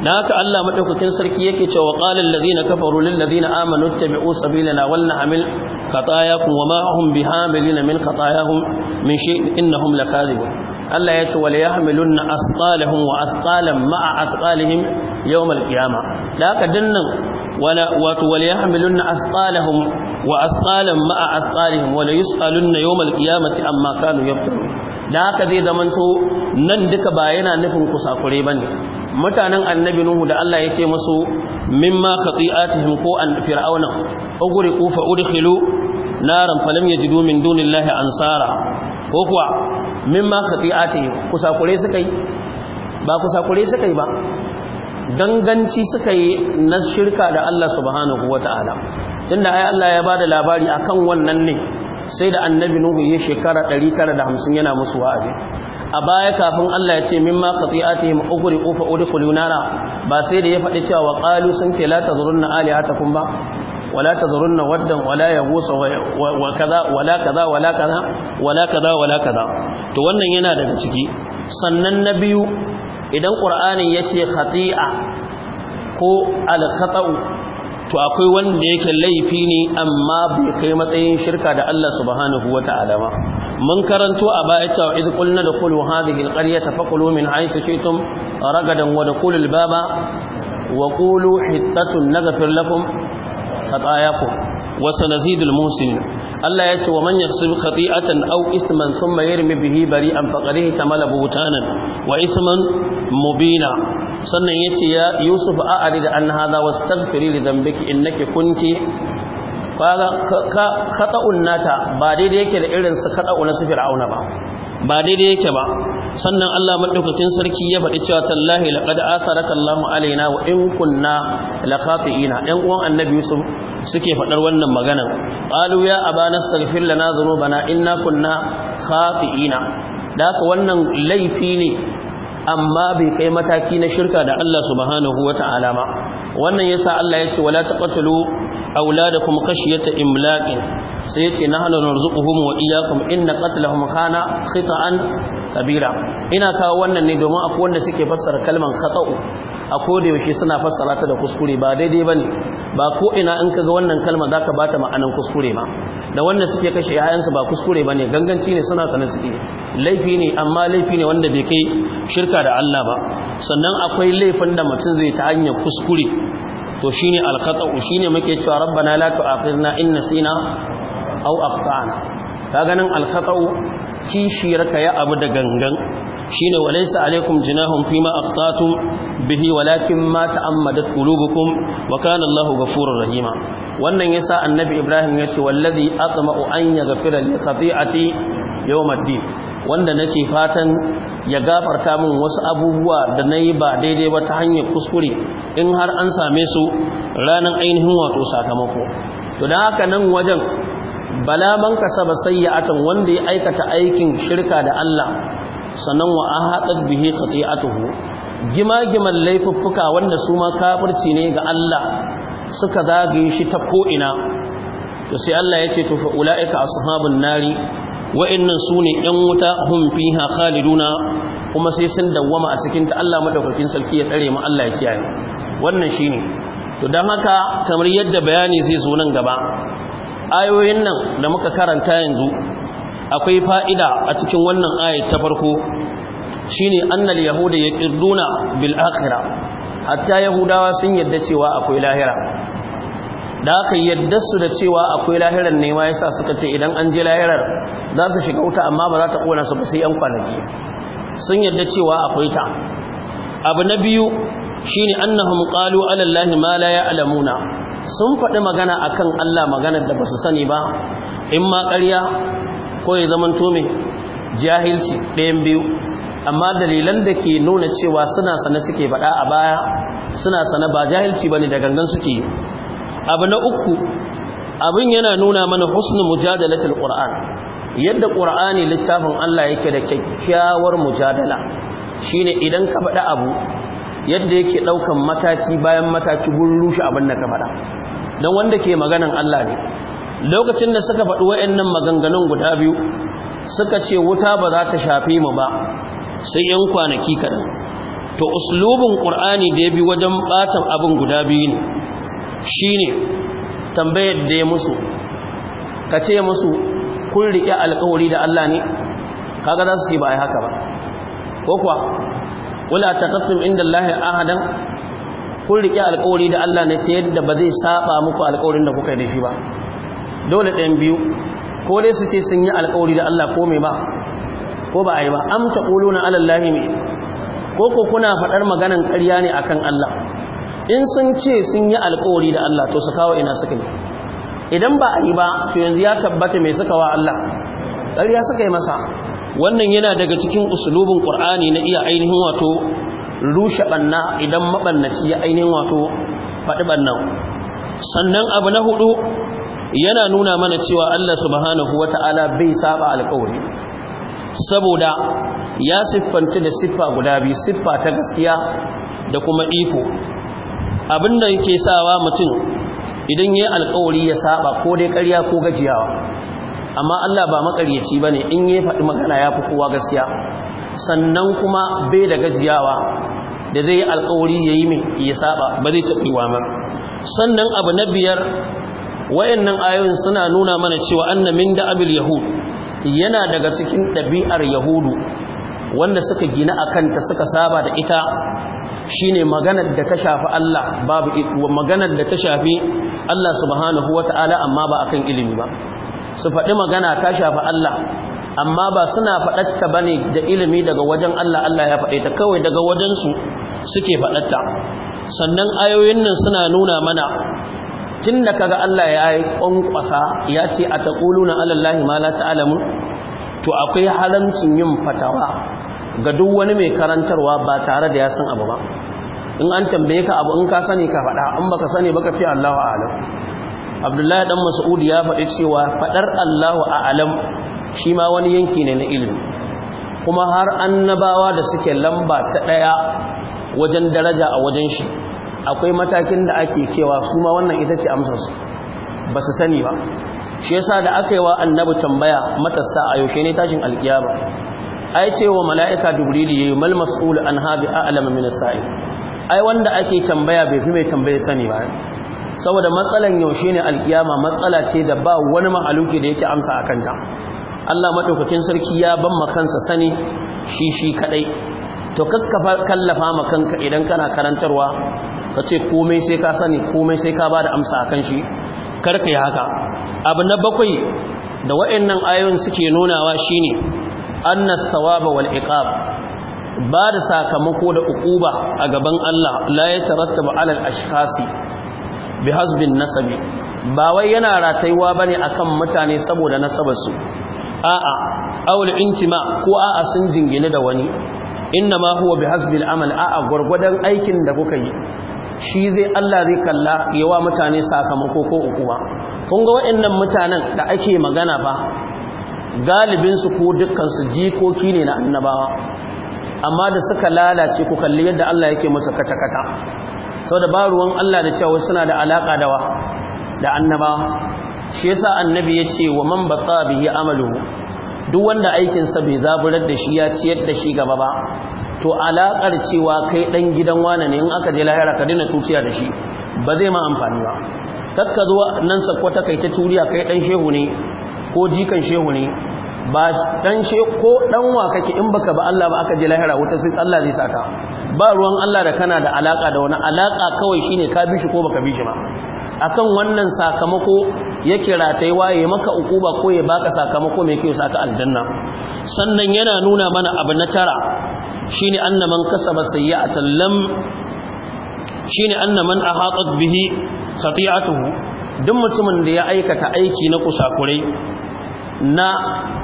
dan haka Allah madaukakin sarki yake cewa qalal ladina kafaru lil ladina amanu tabi'u sabilana wal na'mal khatayakum wama hum bihamilin min khatayahum min shay innahum lakadibun Allah ya ce wal yahmilunna asqalahum wa asqalan ma'a asqalihim yawm al-qiyama da haka dinnan wala wato wal yahmilunna asqalahum wa asqalan ma'a asqalihim wala yus'alunna yawm al-qiyamati amma kanu yaftarun da haka zai zamanto nan duka ba yana nufin kusakure bane mutanen annabi nuhu da Allah ya ce musu mimma khati'atihim ko an fir'auna ugriqu fa udkhilu naran falam yajidu min dunillahi ansara ko kuwa mimma khati'atihim kusakure suka yi ba kusakure suka yi ba danganci suka yi na shirka da Allah subhanahu wata'ala tunda ai Allah ya bada labari akan wannan ne sai da annabi nuhu ya shekara 950 yana musu wa'azi a baya kafin Allah ya ce min mimma khati'atihim ughri ufa udkhulu nara ba sai da ya faɗi cewa wa qalu sun ce la tazurunna alihatakum ba wala tazurunna waddan wala yaghus wa kaza wala kaza wala kaza wala kaza wala kaza to wannan yana daga ciki sannan na biyu idan qur'anin yace khati'a ko al-khata'u to akwai wanda yake laifi ne amma bai kai matsayin shirka da Allah subhanahu wata'ala ba mun karanto a baya cewa idh qulna dakhulu hadhihi alqaryata faqulu min haythu shi'tum ragadan wa dakhulu albaba wa qulu hittatun naghfir lakum khatayakum wa sanazidul muhsinin Allah ya ce wa man yasib khati'atan aw isman thumma yarmi bihi bari'an faqad tamala butanan wa isman mubina sannan ya ce ya yusuf a'ari da an hada wasu tagfiri da zambiki in nake kunki kaɗa'un nata ba daidai yake da su kaɗa'un na sufir auna ba ba daidai yake ba sannan Allah madaukakin sarki ya faɗi cewa tallahi laqad atharaka Allahu alaina wa in kunna laqati'ina uwan annabi Yusuf suke faɗar wannan maganan qalu ya abana astaghfir lana dhunubana inna kunna khati'ina da haka wannan laifi ne amma bai kai mataki na shirka da Allah subhanahu wata'ala ba wannan yasa Allah ya ce wala taqtulu auladakum khashyata imlaqin sai yace nahnu narzuquhum wa iyyakum inna qatlahum kana khita'an kabira ina kawo wannan ne domin akwai wanda suke fassara kalman khata'u a koda yaushe suna fassara ta da kuskure ba daidai bane ba ko ina in kaga wannan kalma zaka bata ma'anan kuskure ma da wannan suke kashe yayansu ba kuskure bane ganganci ne suna sanin suke laifi ne amma laifi ne wanda bai kai shirka da Allah ba sannan akwai laifin da mutum zai ta hanyar kuskure to shine alkhata shine muke cewa rabbana la tu'akhidna in nasina aw akhtana kaga nan kishi raka ya abu da gangan shine walaysa alaikum junahun fima aqtatum bihi walakin ma ta'ammadat qulubukum wa kana Allahu ghafurur rahima wannan yasa annabi Ibrahim yace wallazi atma'u an yaghfira li khati'ati yawmiddin wanda nake fatan ya gafarta min wasu abubuwa da nayi ba daidai ba ta hanyar kuskure in har an same su ranar ainihin wato sakamako to dan haka nan wajen bala man kasaba sayyatan wanda ya aikata aikin shirka da Allah sannan wa ahadat bihi tuhu gima-giman laifuffuka wanda su ma kafirci ne ga Allah suka zagaye shi ta ko'ina da sai Allah ya ce tufa ula'ika ashabun nari wa'annan su ne ‘yan wuta hun fiha khaliduna kuma sai sun dawwama a cikinta Allah maɗaukakin sarki ya ɗare mu Allah ya kiyaye wannan shine to don haka kamar yadda bayani zai zo nan gaba ayoyin nan da muka karanta yanzu akwai fa'ida a cikin wannan ayat ta farko shi ne annal yahuda ya ƙirduna bilakira. hatta yahudawa sun yadda cewa akwai lahira da aka yadda su da cewa akwai lahirar ne ma yasa suka ce idan an je lahirar za su shiga wuta amma ba za ta ƙona su ba sai yan kwanaki sun yadda cewa akwai ta abu na biyu shi shine annahum qalu ƙalu allahi ma la ya'lamuna sun faɗi magana akan Allah maganar da ba su sani ba in ma ƙarya ko ya zaman tome jahilci ɗayan biyu amma dalilan da ke nuna cewa suna sane suke faɗa a baya suna sane ba jahilci ba ne da gangan suke yi abu na uku abin yana nuna mana husnu mujadalatul qur'an yadda qur'ani littafin Allah yake da kyakkyawar mujadala shine idan ka faɗa abu yadda yake ɗaukan mataki bayan mataki gurin rushe abin da ka faɗa dan wanda ke maganan Allah ne lokacin da suka faɗi wa'annan maganganun guda biyu suka ce wuta ba za ta shafe mu ba sai yan kwanaki kaɗan to uslubin ƙur'ani da ya bi wajen ɓatan abin guda biyu ne shi ne tambayar da ya musu ka ce musu kun riƙe alƙawari da Allah ne kaga za su ce ba a yi haka ba ko kuwa wula ta taqattum inda Allah ahadan kun riƙe alƙawari da Allah ne ta yadda ba zai saba muku alƙawarin da kuka yi da shi ba dole ɗayan biyu ko dai su ce sun yi alkawari da Allah ko mai ba ko ba a yi ba am ta ƙulu na alallahi ne ko ko kuna faɗar maganan ƙarya ne akan Allah in sun ce sun yi alkawari da Allah to su kawo ina suka yi idan ba a yi ba to yanzu ya tabbata mai suka wa Allah ƙarya suka yi masa wannan yana daga cikin usulubin Kur'ani na iya ainihin wato rushe ɓanna idan maɓannaci ya ainihin wato faɗi ɓannan sannan abu na hudu yana nuna mana cewa Allah subhanahu ta'ala bai saba alƙawari saboda ya siffanta da siffa guda biyu siffa ta gaskiya da kuma iko Abin da yake sawa mutum idan yayi alƙawari ya saba ko dai ƙarya ko gajiyawa amma Allah ba makaryaci bane in yayi faɗi magana ya fi kowa gaskiya sannan kuma bai da gajiyawa da zai alƙawari yayi mai ya saba ba zai taɓiwa ma sannan abu na biyar wayannan ayoyin suna nuna mana cewa anna min da'abil yahud yana daga cikin dabi'ar yahudu wanda suka gina akanta suka saba da ita shine maganar da ta shafi Allah babu maganar da ta shafi Allah subhanahu wata'ala amma ba akan ilimi ba su faɗi magana ta shafi Allah amma ba suna faɗatta ba da ilimi daga wajen Allah Allah ya faɗe ta kawai daga wajensu suke faɗatta sannan ayoyin nan suna nuna mana tun da kaga Allah ya yi ƙwanƙwasa ya ce a na alallahi ma la ta'alamu to akwai haramcin yin fatawa ga duk wani mai karantarwa ba tare da ya san abu ba in an tambaye ka abu in ka sani ka faɗa an baka sani baka ce Allahu a'lam Abdullahi dan Mas'ud ya faɗi cewa faɗar Allahu a'lam shi ma wani yanki ne na ilimi kuma har annabawa da suke lamba ta ɗaya wajen daraja a wajen shi akwai matakin da ake cewa su ma wannan ita ce amsarsu ba su sani ba shi yasa da aka yi wa annabi tambaya matasa a yaushe ne tashin alkiyama ai ce wa mala'ika dubrili yayi mal mas'ul an habi a'lam min as-sa'il ai wanda ake tambaya bai fi mai tambaye sani ba saboda matsalan yaushe ne alkiyama matsala ce da ba wani mahaluki da yake amsa akan ta Allah madaukakin sarki ya ban kansa sani shi shi kadai to kakkafa kallafa makanka idan kana karantarwa ka ce komai sai ka sani komai sai ka ba da amsa a kan shi karka yi haka abu na bakwai da wa'annan ayon suke nunawa shine annas sawaba wal iqab ba da sakamako da ukuba a gaban Allah la yatarattabu ala al ashkhasi bi hasbin nasabi ba wai yana ratayuwa bane akan mutane saboda nasabarsu a'a awul intima ko a'a sun jingine da wani inna ma huwa bi hasbil amal a'a gurgudan aikin da kuka yi shi zai Allah zai kalla yawa mutane sakamako ko ukuwa. kun ga waɗannan mutanen da ake magana ba galibinsu ko dukkansu jikoki ne na annabawa amma da suka lalace ku kalli yadda Allah yake musu kata-kata sau da ba ruwan Allah da cewa suna da alaƙa wa da annabawa shi yasa annabi ya ce wa man batsa bihi amalu duk wanda aikinsa bai zaburar da shi ya ciyar da shi gaba ba to alakar cewa kai ɗan gidan wane ne in aka je lahira ka daina tuciya da shi ba zai ma amfani ba kakka zo nan ta kai ta turiya kai ɗan shehu ne ko jikan shehu ne ba ɗan shehu ko ɗan wa kake in baka ba Allah ba aka je lahira wata sai Allah zai saka ba ruwan Allah da kana da alaka da wani alaka kawai shine ka bi shi ko baka bi shi ba akan wannan sakamako yake ratai waye maka ukuba ko ya baka sakamako mai kyau saka aljanna sannan yana nuna mana abu na tara shine anna man kasaba sayyi'atan lam shine anna man ahatat bihi khati'atuhu duk mutumin da ya aikata aiki na kusakurai na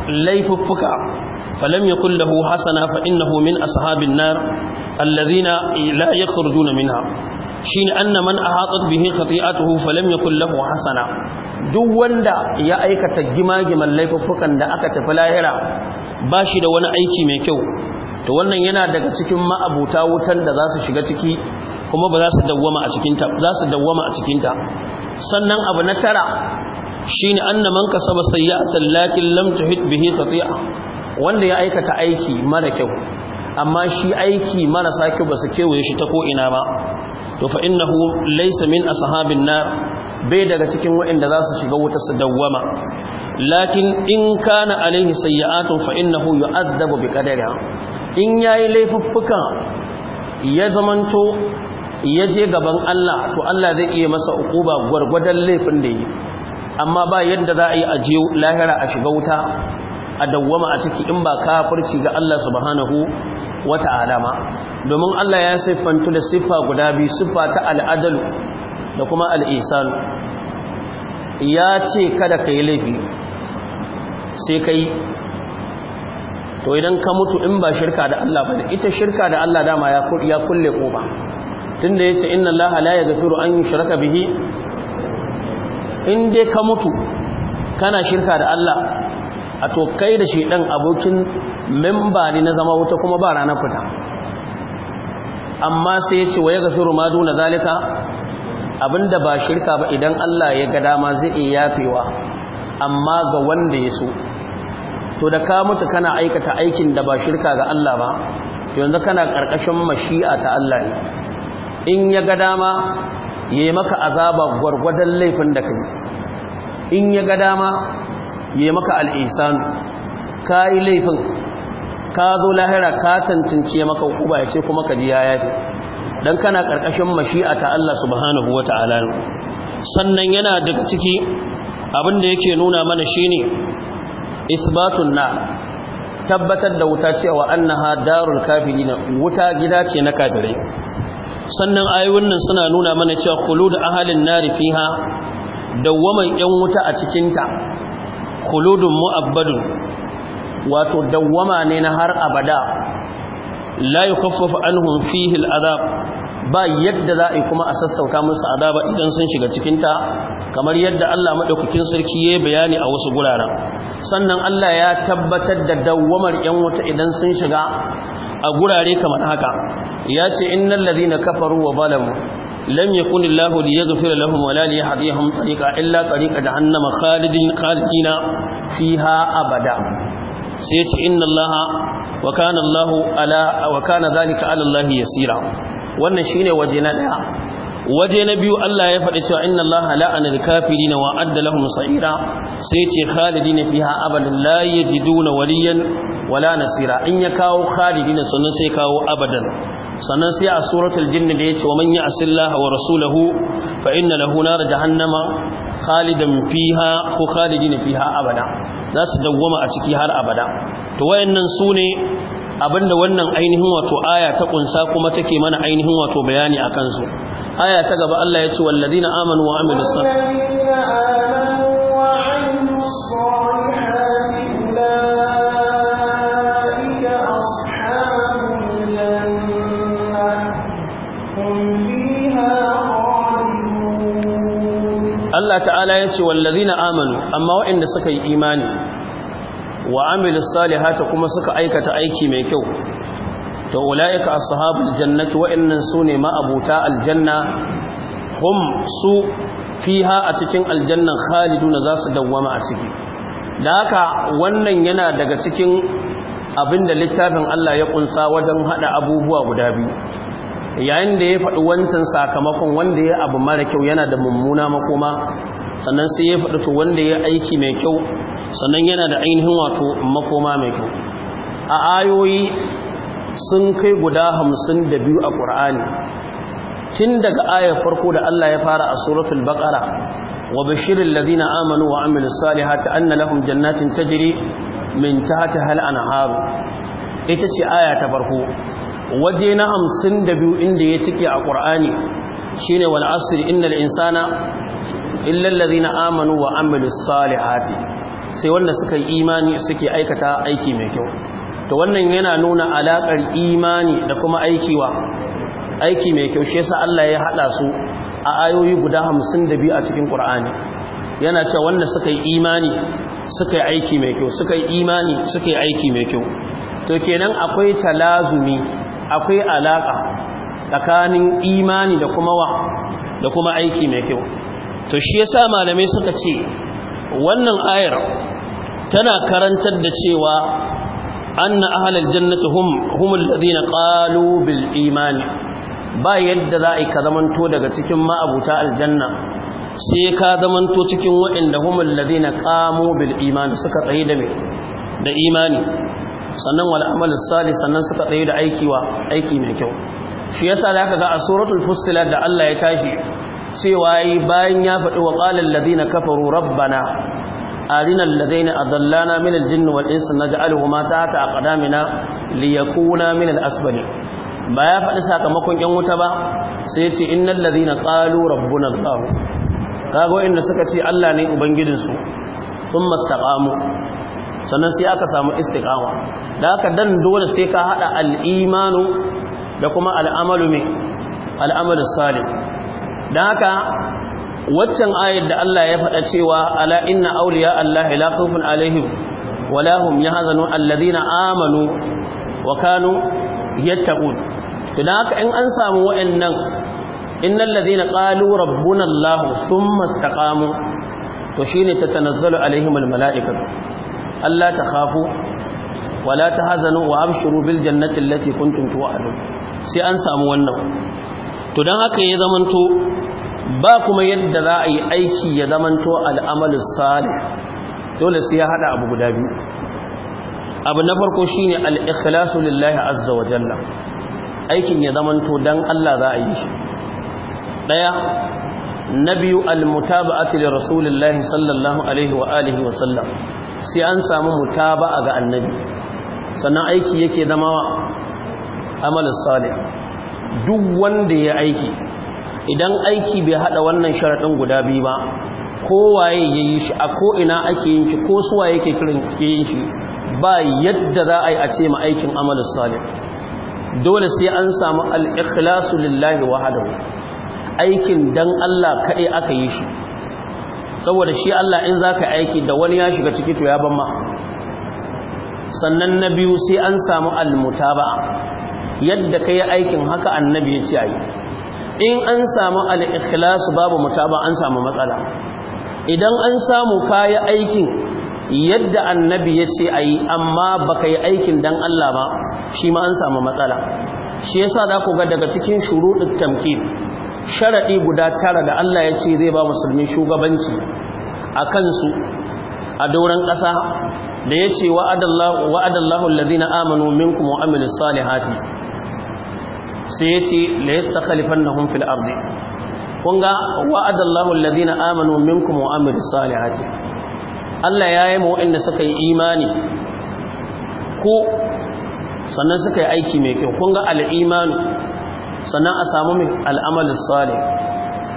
laifuffuka falam yakul lahu hasana fa innahu min ashabin nar alladhina la yakhrujuna minha shine anna man ahatat bihi khati'atuhu falam yakul lahu hasana duk wanda ya aikata gimagiman laifuffukan da aka tafi lahira bashi da wani aiki mai kyau to wannan yana daga cikin ma'abuta wutan da za su shiga ciki kuma ba za su dawwama a cikinta za su dawwama a cikinta sannan abu na tara shine anna man kasaba sayyi'atan lakin lam tuhit bihi khati'a wanda ya aikata aiki mara kyau amma shi aiki marasa kyau ba su kewaye shi ta ko ina ba to fa innahu laysa min ashabin nar bai daga cikin waɗanda za su shiga wuta su dawwama lakin in kana alaihi sayyi'atun fa innahu yu'adzabu biqadariha in ya yi laifuffuka ya zamanto ya je gaban Allah to Allah zai iya masa ukuba gwargwadon laifin da yi amma ba yadda za a yi aje lahira a shiga wuta a dawwama a ciki in ba kafirci ga Allah subhanahu wata'ala ma domin Allah ya siffantu da siffa guda biyu siffa ta al'adalu da kuma al'isan ya ce kada ka yi laifi sai kai to idan ka mutu in ba shirka da Allah bane ita shirka da Allah dama ya ya kulle koba tunda yace inna Allah la yaghfiru an yushraka bihi in dai ka mutu kana shirka da Allah a to kai da shi dan abokin memba ne na zama wuta kuma ba ranar fita amma sai yace wa yaghfiru ma duna zalika abinda ba shirka ba idan Allah ya ga dama zai iya yafewa amma ga wanda ya so to da ka mutu kana aikata aikin da ba shirka ga Allah ba yanzu kana karkashin mashi'a ta Allah ne in ya ga dama yayi maka azaba gwargwadon laifin da kai in ya ga dama yayi maka al'isan kai laifin ka zo lahira ka tantance maka hukuma yace kuma ka ji yaya dan kana karkashin mashi'a ta Allah subhanahu wataala sannan yana daga ciki abin da yake nuna mana shine isbatun na tabbatar da wuta cewa annaha darul kafirin wuta gida ce na kafirai sannan ayoyin nan suna nuna mana cewa khulud ahalin nari fiha dawwaman yan wuta a cikin ta khuludun mu'abbadun wato dawwama ne na har abada la yukhaffafu anhum fihi al'adab ba yadda za a yi kuma a sassauta musu adaba idan sun shiga cikinta kamar yadda Allah maɗaukakin sarki ya bayani a wasu guraren sannan Allah ya tabbatar da dawwamar ‘yan wuta idan sun shiga a gurare kamar haka ya ce innan lalina kafaru wa balamu lam yakun Allahu liyaghfir lahum wala liyahdihim tariqa illa tariqa jahannam khalidin khalidina fiha abada sai ce inna wa kana Allahu ala wa kana dhalika ala Allah yasira wannan shine waje na daya waje na biyu Allah ya faɗi cewa inna Allah la'ana al-kafirin wa adda lahum sa'ira sai ce khalidina fiha abadan la yajiduna waliyan wala nasira in ya kawo khalidina sannan sai kawo abadan sannan sai a suratul jinn da yace wa man ya'si Allah wa rasulahu fa inna lahu nar jahannama khalidan fiha ko khalidina fiha abada za su dawwama a ciki har abada to wayannan sune abinda wannan ainihin wato aya ta kunsa kuma take mana ainihin wato bayani a kansu aya ta gaba Allah ya ce wallazina amanu wa amilus salihati Allah ta'ala ya ce wallazina amanu amma waɗanda suka yi imani wa amilu salihata kuma suka aikata aiki mai kyau to ulaika ashabul jannati waɗannan sune ma abuta aljanna hum su fiha a cikin aljannan khaliduna za su dawwama a ciki da haka wannan yana daga cikin abinda littafin Allah ya kunsa wajen hada abubuwa guda biyu yayin da ya faɗi wancan sakamakon wanda ya abu mara kyau yana da mummuna makoma sannan sai ya faɗi to wanda ya aiki mai kyau sannan yana da ainihin wato makoma mai kyau a ayoyi sun kai guda hamsin da biyu a ƙur'ani tun daga ayar farko da Allah ya fara a suratul bakara, wa bashirin ladina amanu wa amilu salihati anna lahum jannatin tajri min hal an anhar ita ce aya ta farko waje na hamsin da biyu inda ya cike a ƙur'ani shine asiri asr da insana illa na amanu wa amilu salihati sai wanda suka yi imani suke aikata aiki mai kyau to wannan yana nuna alaƙar imani da kuma aikiwa aiki mai kyau shi yasa Allah ya haɗa su a ayoyi guda hamsin da biyu a cikin Qur'ani yana cewa wanda suka yi imani suka yi aiki mai kyau suka yi imani suka yi aiki mai kyau to kenan akwai talazumi akwai alaƙa tsakanin imani da kuma wa da kuma aiki mai kyau to shi yasa malamai suka ce wannan ayar tana karantar da cewa anna ahlal jannati hum humul ladina qalu bil iman ba yadda za a ka zamanto daga cikin ma'abuta aljanna sai ka zamanto cikin waɗanda humul ladina qamu bil iman suka tsaye da me da imani sannan wal amal salih sannan suka tsaye da aiki wa aiki mai kyau shi yasa da aka ga a suratul fussilat da Allah ya tashi cewa bayan ya faɗi wa qalal ladina kafaru rabbana أرنا الذين أضلانا من الجن والإنس نجعلهما تحت أقدامنا ليكونا من الأسفلين ba ya faɗi sakamakon ‘yan wuta ba sai ce innan lalzina ƙalu rabbun al'ahu kago inda suka ce Allah ne ubangijinsu sun mastaƙamu sannan sai aka samu istiƙawa da aka dan dole sai ka haɗa al'imanu da kuma al'amalu mai al'amalu salim da haka waccan ayar da Allah ya faɗa cewa ala inna awliya Allah la khawfun alaihim wala hum yahzanun alladhina amanu wa kanu yattaqun idan haka in an samu wayannan innal ladhina qalu rabbuna Allah thumma istaqamu to shine tatanazzalu alaihim almalaikatu alla takhafu wala tahzanu wa abshiru bil jannati allati kuntum tu'adun sai an samu wannan to dan haka ya zamanto ba kuma yadda za a yi aiki ya zamanto al'amalin sali. dole sai ya haɗa abu guda biyu abu na farko shine al-ikhlasu lillahi azza wa jalla aikin ya zamanto dan Allah za a yi shi Ɗaya na biyu al-mutaba'atu li rasulillahi sallallahu alaihi wa alihi wa sallam sai an samu mutaba'a ga annabi sannan aiki yake zama amalin sali duk wanda ya aiki idan aiki bai hada wannan sharaɗin guda biyu ba kowaye yayi shi a ko ina ake yin shi ko suwa yake kirin yin shi ba yadda za a yi a ce ma aikin amalus salih dole sai an samu al-ikhlasu lillahi wahdahu aikin dan Allah kaɗai aka yi shi saboda shi Allah in zaka aiki da wani ya shiga ciki to ya ban ma sannan na biyu sai an samu al mutaba yadda kai aikin haka annabi ya ce ayi in an samu al’ikhlas ikhlas babu mutaba an samu matsala idan an samu kayi aikin yadda annabi ya ce a yi amma baka yi aikin don Allah ba shi ma an samu matsala shi yasa za ku ga daga cikin shuruɗin tamki sharaɗi guda tara da Allah ya ce zai ba musulmi shugabanci a kansu a doron ƙasa da ya ce wa'adallahu alladhina amanu minku wa amilus salihati sai ya ce la yastakhlifannahum fil ardi kun ga wa'ada Allahu alladhina amanu minkum wa amilus salihati Allah ya yi da suka yi imani ko sannan suka yi aiki mai kyau kun ga sannan a samu min al-amalus salih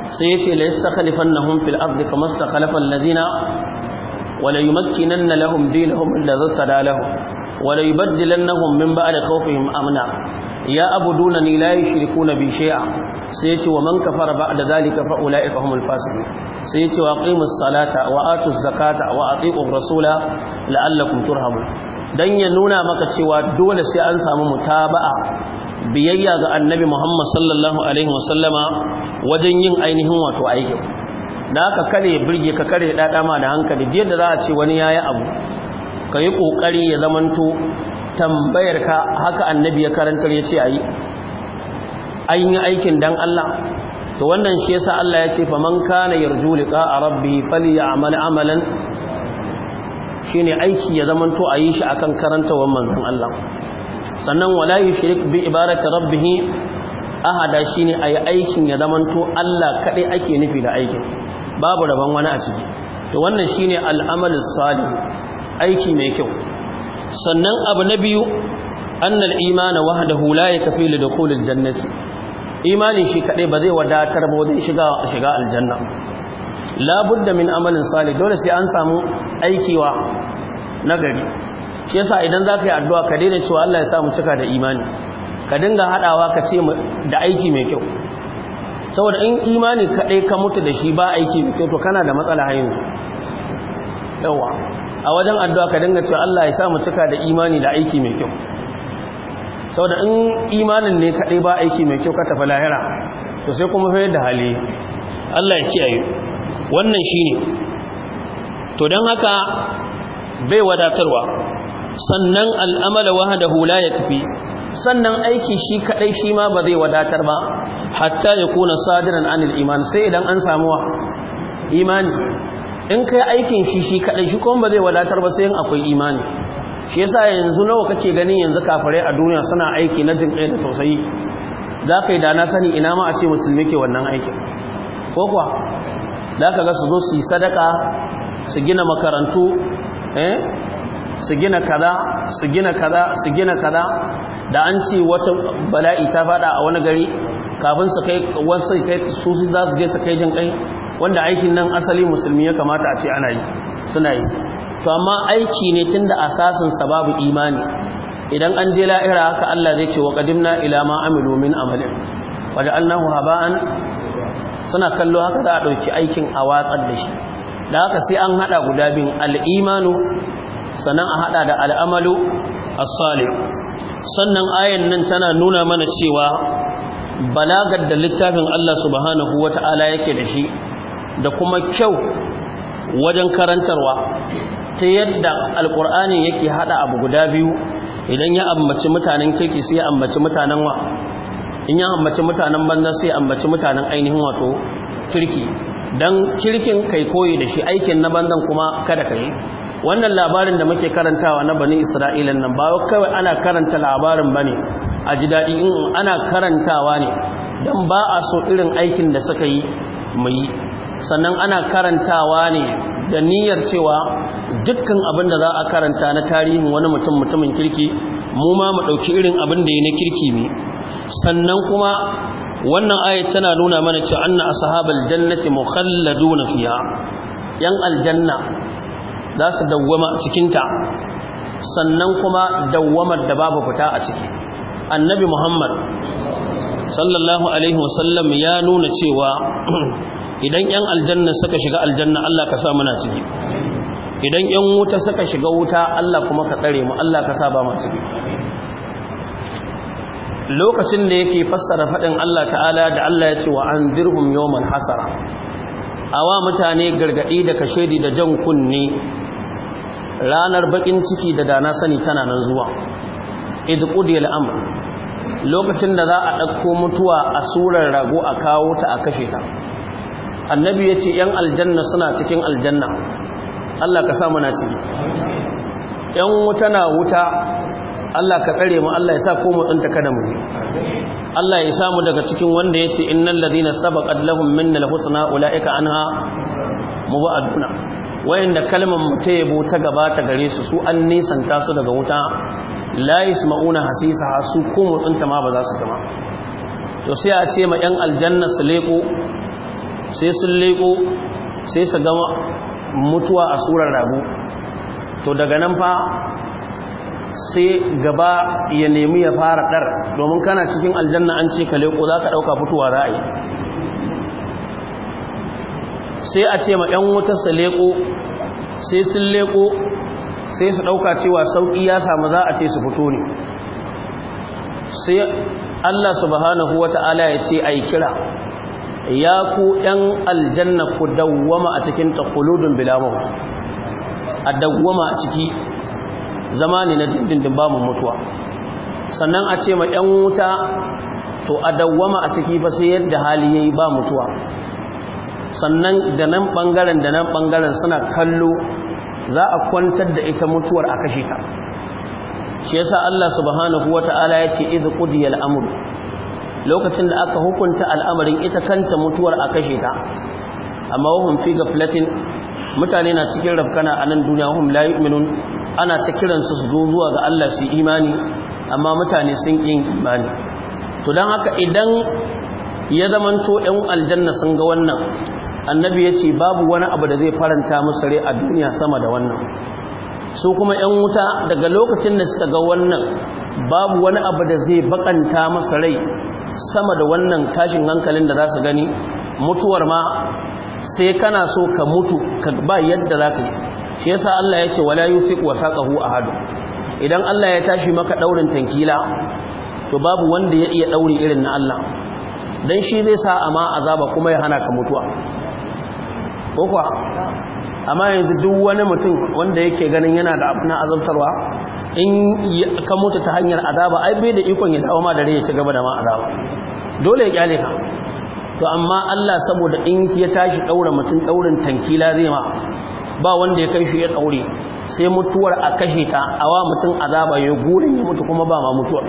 sai ya ce la yastakhlifannahum fil ardi kama istakhlafa alladhina da يمكنن لهم دينهم الذي ارتدى لهم ولا يبدلنهم ba da خوفهم امنا ya abu ni layi yushrikuna bi shay'a sai yace wa man kafara da zalika fa ulaika humul fasiqun sai yace wa aqimus salata wa zakata wa atiqur rasula la'allakum turhamun dan ya nuna maka cewa dole sai an samu mutaba'a biyayya ga annabi Muhammad sallallahu alaihi wasallama wajen yin ainihin wato aiki. da aka kare birge ka kare dadama da hankali yadda za a ce wani yayi abu ka yi ƙoƙari ya zamanto tambayar ka haka annabi ya karantar ya ce ayi yi aikin dan Allah to wannan shi yasa Allah ya ce fa man kana yarju liqa rabbi falyamal amalan shine aiki ya to ayi shi akan karantawan manzon Allah sannan wala yushrik bi ibadati rabbih ahada shine ayi aikin ya to Allah kadai ake nufi da aikin babu rabon wani a ciki to wannan shine al'amalus salih aiki mai kyau sannan abu na biyu annal imana wahdahu la yakfi li dukhul jannati. imani shi kadai ba zai wadatar ba wajen shiga shiga aljanna la budda min amalin salih dole sai an samu aikiwa nagari shi yasa idan zaka yi addu'a ka daina cewa Allah ya sa mu cika da imani ka dinga hadawa ka ce da aiki mai kyau saboda in imani kadai ka mutu da shi ba aiki mai kyau to kana da matsala hayin yawa a wajen addu'a ka dinga cewa Allah ya samu cika da imani da aiki mai kyau Sau da in imanin ne kaɗai ba aiki mai kyau ka tafi lahira to sai kuma fayar da hali Allah ya kiyaye wannan shi ne. to don haka bai wadatarwa sannan al'amala hula ya tafi. sannan aiki shi kaɗai shi ma ba zai wadatar ba hatta ya kuna sadiran anil iman sai idan an samuwa imani in kai aikin shi shi kaɗai shi kuma ba zai wadatar ba sai yin akwai imani shi yasa yanzu nawa kake ganin yanzu kafirai a duniya suna aiki na jin da tausayi za ka yi da na sani ina ma a ce musulmi ke wannan aikin ko kuwa za ka ga su zo su yi sadaka su gina makarantu eh, su gina kaza su gina kaza su gina kaza da an ce wata bala'i ta faɗa a wani gari kafin su kai wasu kai su za su je su kai jin kai wanda aikin nan asali musulmi ya kamata a ce ana yi suna yi to amma aiki ne tunda asasin sababu babu imani idan an je la'ira haka Allah zai ce wa qadimna ila ma amilu min amalin ja'alnahu haba'an suna kallo haka za a dauki aikin a watsar da shi da haka sai an hada guda bin al-imanu sannan a hada da al'amalu as-salih sannan ayan nan tana nuna mana cewa balagar da littafin Allah subhanahu wata'ala yake da shi da kuma kyau wajen karantarwa ta yadda alkur'ani yake hada abu guda biyu idan ya ambaci mutanen kirki sai ya ambaci mutanen wa in ya ambaci mutanen banza sai ya ambaci mutanen ainihin wato kirki dan kirkin kai koyi da shi aikin na bandan kuma kada ka wannan labarin da muke karantawa na bani isra'ilan nan ba kawai ana karanta labarin bane a ji daɗi in ana karantawa ne don ba a so irin aikin da suka yi mai sannan ana karantawa ne da niyyar cewa dukkan abin da za a karanta na tarihin wani mutum mutumin kirki mu ma mu ɗauki irin abin da ya na kirki ne sannan kuma wannan ayat tana nuna mana cewa anna ashabal jannati mukhalladuna fiha yan aljanna za su dawwama cikin ta sannan kuma dawwamar da babu fita a ciki annabi muhammad sallallahu alaihi wasallam ya nuna cewa idan yan aljanna suka shiga aljanna Allah ka sa muna ciki idan yan wuta suka shiga wuta Allah kuma ka tsare mu Allah ka sa ba mu ciki lokacin da yake fassara faɗin Allah ta'ala da Allah ya ce wa an yawmal hasara awa mutane gargadi da kashedi da jan kunni ranar bakin ciki da dana sani tana nan zuwa id qudiyal amr lokacin da za a ɗauko mutuwa a surar rago a kawo ta a kashe ta annabi ya ce ‘yan aljanna suna cikin aljanna Allah ka sa na ciki ‘yan wuta na wuta Allah ka tsare mu Allah ya sa ko mu tsinta kada mu Allah ya samu daga cikin wanda ya ce innal ladina sabaqat lahum minna alhusna ulaika anha mubaduna wayanda kalmar mutum yabo ta gabata gare su su an nisan tasu daga wuta la yasma'una hasisa su ko mu tsinta ma ba za su kama to sai a ce ma yan aljanna su leko sai sun leko sai su gama mutuwa a tsoron rago to daga nan fa sai gaba ya nemi ya fara ɗar domin kana cikin aljanna an ce ka leko za ka ɗauka fitowa za a yi sai a ce ma 'yan wuta su leko sai sun leko sai su ɗauka cewa sauƙi ya samu za a ce su fito ne sai Allah subhanahu ta'ala ya ce a yi kira ya ku ɗan aljanna ku dawwama a cikin ta bilamau. bilamu a dawwama a ciki zama ne na dindindin ba mu mutuwa sannan a ce ma ɗan wuta to a dawwama a ciki ba sai yadda hali ya yi ba mutuwa sannan da nan ɓangaren da nan ɓangaren suna kallo za a kwantar da ita mutuwar a kashe ta shi yasa Allah subhanahu wata'ala ya ce idh qudiya al lokacin da aka hukunta al'amarin ita kanta mutuwar a kashe ta amma wahum fi gaflatin mutane na cikin rafkana a nan duniya hum la yu'minun ana ta kiransu su zo zuwa ga Allah su imani amma mutane sun yi imani to dan haka idan ya zamanto 'yan aljanna sun ga wannan annabi ya ce babu wani abu da zai faranta musu rai a duniya sama da wannan su kuma 'yan wuta daga lokacin da suka ga wannan babu wani abu da zai bakanta masa rai sama da wannan tashin hankalin da za su gani mutuwar ma sai kana so ka mutu ka ba yadda za ka yi shi yasa Allah yake wala yufiq wa saqahu ahad idan Allah ya tashi maka daurin tankila to babu wanda ya iya daure irin na Allah dan shi zai sa ama azaba kuma ya hana ka mutuwa ko kuwa amma yanzu duk wani mutum wanda yake ganin yana da abuna azabtarwa in ka mutu ta hanyar azaba ai bai da ikon ya dawo ma da ya ci gaba da ma azaba dole ya kyale ka to amma Allah saboda in ya tashi daura mutum daurin tankila zai ma ba wanda ya kai shi ya daure sai mutuwar a kashe ta awa mutum azaba ya gurin ya mutu kuma ba ma mutuwa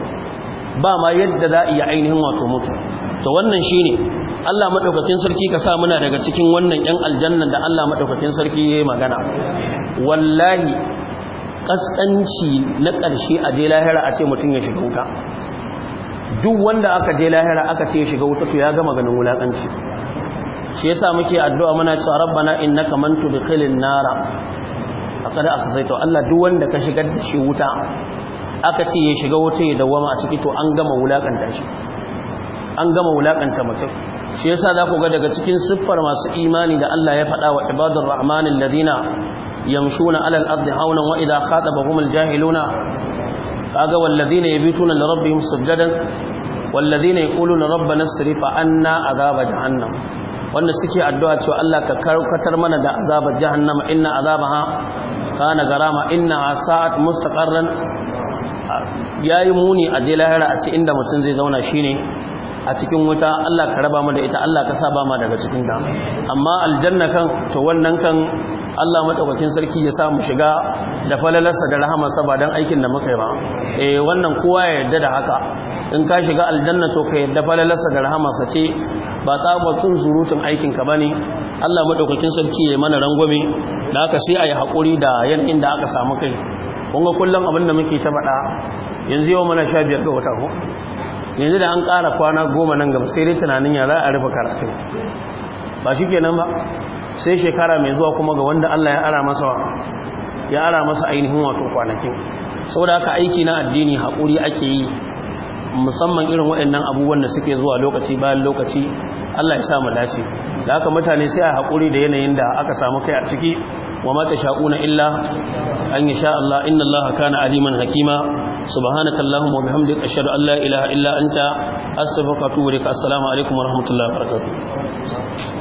ba ma yadda za a iya ainihin wato mutu to wannan shine Allah madaukakin sarki ka sa muna daga cikin wannan yan aljanna da Allah madaukakin sarki ya yi magana wallahi kaskanci na ƙarshe a je lahira a ce mutum ya shiga wuta duk wanda aka je lahira aka ce ya shiga wuta to ya gama ganin wulaƙanci shi yasa muke addu'a muna cewa rabbana innaka man tudkhilin nara aka to Allah duk wanda ka shigar da shi wuta aka ce ya shiga wuta ya dawama a ciki to an gama wulaƙanta shi an gama wulaƙanta mutum shi yasa za ku ga daga cikin siffar masu imani da Allah ya faɗa wa rahmanin ladina يمشون على الأرض هونا وإذا خاطبهم الجاهلون kaga wallazina yabituna li rabbihim sujadan wallazina yaquluna rabbana srif anna azab jahannam wanda suke addu'a cewa Allah ka karkatar mana da azabar jahannama inna azabaha kana garama inna sa'at mustaqarran yayi muni a je lahira a cikin inda mutum zai zauna shine a cikin wuta Allah ka raba mu da ita Allah ka saba mu daga cikin ta amma aljanna kan to wannan kan Allah madaukakin sarki ya sa mu shiga da falalarsa da rahamarsa ba dan aikin da muka yi ba eh wannan kowa ya yarda da haka in ka shiga aljanna to ka yarda falalarsa da rahamarsa ce ba tsabatsun zurutun aikin ka ne. Allah madaukakin sarki ya mana rangwame da haka sai ayi hakuri da yan da aka samu kai kun ga kullum abin da muke ta faɗa yanzu yau mana sha biyar ga wata yanzu da an ƙara kwana goma nan gaba sai dai tunanin ya za a rufe karatu ba shi kenan ba sai shekara mai zuwa kuma ga wanda Allah ya ara masa ya ara masa ainihin wato kwanakin saboda haka aiki na addini hakuri ake yi musamman irin waɗannan abubuwan da suke zuwa lokaci bayan lokaci Allah ya sa mu dace da haka mutane sai a haƙuri da yanayin da aka samu kai a ciki wa ma tasha'una illa an insha Allah inna Allah kana aliman hakima subhanaka allahumma wa bihamdika ashhadu an la ilaha illa anta astaghfiruka wa atubu ilaik assalamu alaikum wa rahmatullahi wa barakatuh